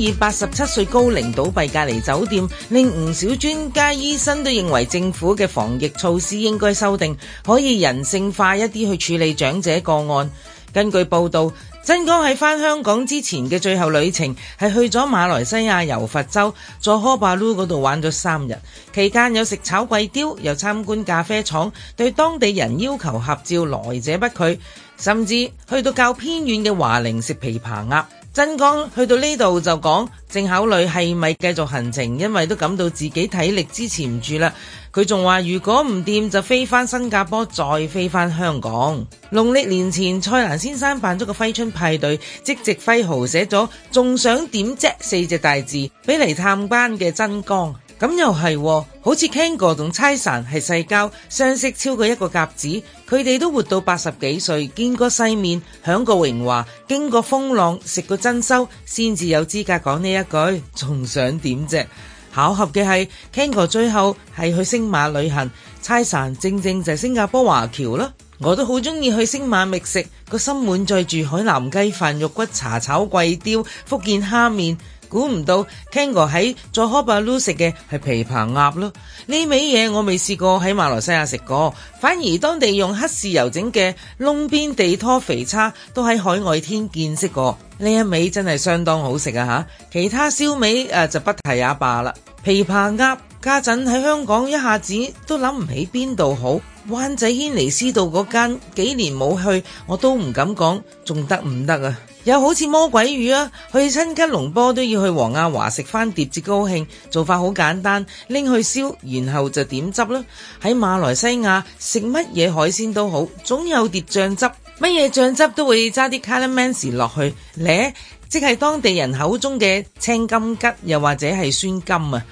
以八十七歲高齡倒斃隔離酒店，令唔少專家醫生都認為政府嘅防疫措施應該修訂，可以人性化一啲去處理長者個案。根據報道，曾江喺返香港之前嘅最後旅程係去咗馬來西亞柔佛州，在呵巴魯嗰度玩咗三日，期間有食炒粿條，又參觀咖啡廠，對當地人要求合照來者不拒，甚至去到較偏遠嘅華寧食琵琶鴨。真江去到呢度就講，正考慮係咪繼續行程，因為都感到自己體力支持唔住啦。佢仲話如果唔掂就飛翻新加坡，再飛翻香港。農曆年前蔡瀾先生辦咗個揮春派對，即席揮毫寫咗“仲想點啫”四隻大字，畀嚟探班嘅真江。咁又係，好似 Ken 哥同差神係世交，相識超過一個甲子，佢哋都活到八十幾歲，見過世面，享過榮華，經過風浪，食過珍饈，先至有資格講呢一句。仲想點啫？巧合嘅係，Ken 哥最後係去星馬旅行，差神正正就係星加坡華僑啦。我都好鍾意去星馬覓食，個心滿載住海南雞飯、肉骨茶炒、炒粿條、福建蝦麵。估唔到 Congo 喺佐巴魯食嘅係琵琶鴨咯，呢味嘢我未試過喺馬來西亞食過，反而當地用黑豉油整嘅窿邊地拖肥叉都喺海外天見識過，呢一味真係相當好食啊嚇！其他燒味誒就不提也罷啦。琵琶鴨家陣喺香港一下子都諗唔起邊度好，灣仔軒尼詩道嗰間幾年冇去，我都唔敢講仲得唔得啊！有好似魔鬼魚啊，去親吉隆坡都要去黃亞華食翻碟至高興，做法好簡單，拎去燒，然後就點汁啦。喺馬來西亞食乜嘢海鮮都好，總有碟醬汁，乜嘢醬汁都會揸啲卡列曼士落去，咧即係當地人口中嘅青柑桔，又或者係酸柑啊。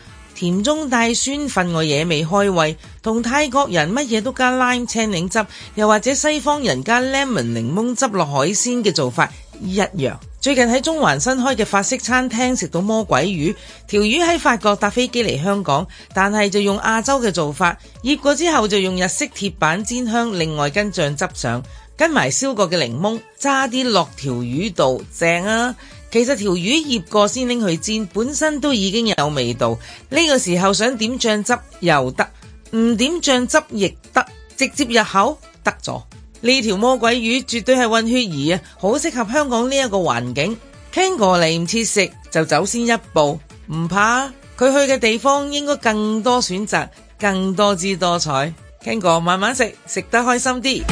甜中帶酸，份外野味開胃。同泰國人乜嘢都加 lime 青檸汁，又或者西方人加 lemon 檸檬汁落海鮮嘅做法一樣。最近喺中環新開嘅法式餐廳食到魔鬼魚，條魚喺法國搭飛機嚟香港，但係就用亞洲嘅做法醃過之後，就用日式鐵板煎香，另外跟醬汁上，跟埋燒過嘅檸檬，揸啲落條魚度，正啊！其實條魚醃過先拎去煎，本身都已經有味道。呢個時候想點醬汁又得，唔點醬汁亦得，直接入口得咗。呢條魔鬼魚絕對係混血兒啊，好適合香港呢一個環境。Ken 哥嚟唔切食就走先一步，唔怕佢去嘅地方應該更多選擇，更多姿多彩。Ken 哥慢慢食，食得開心啲。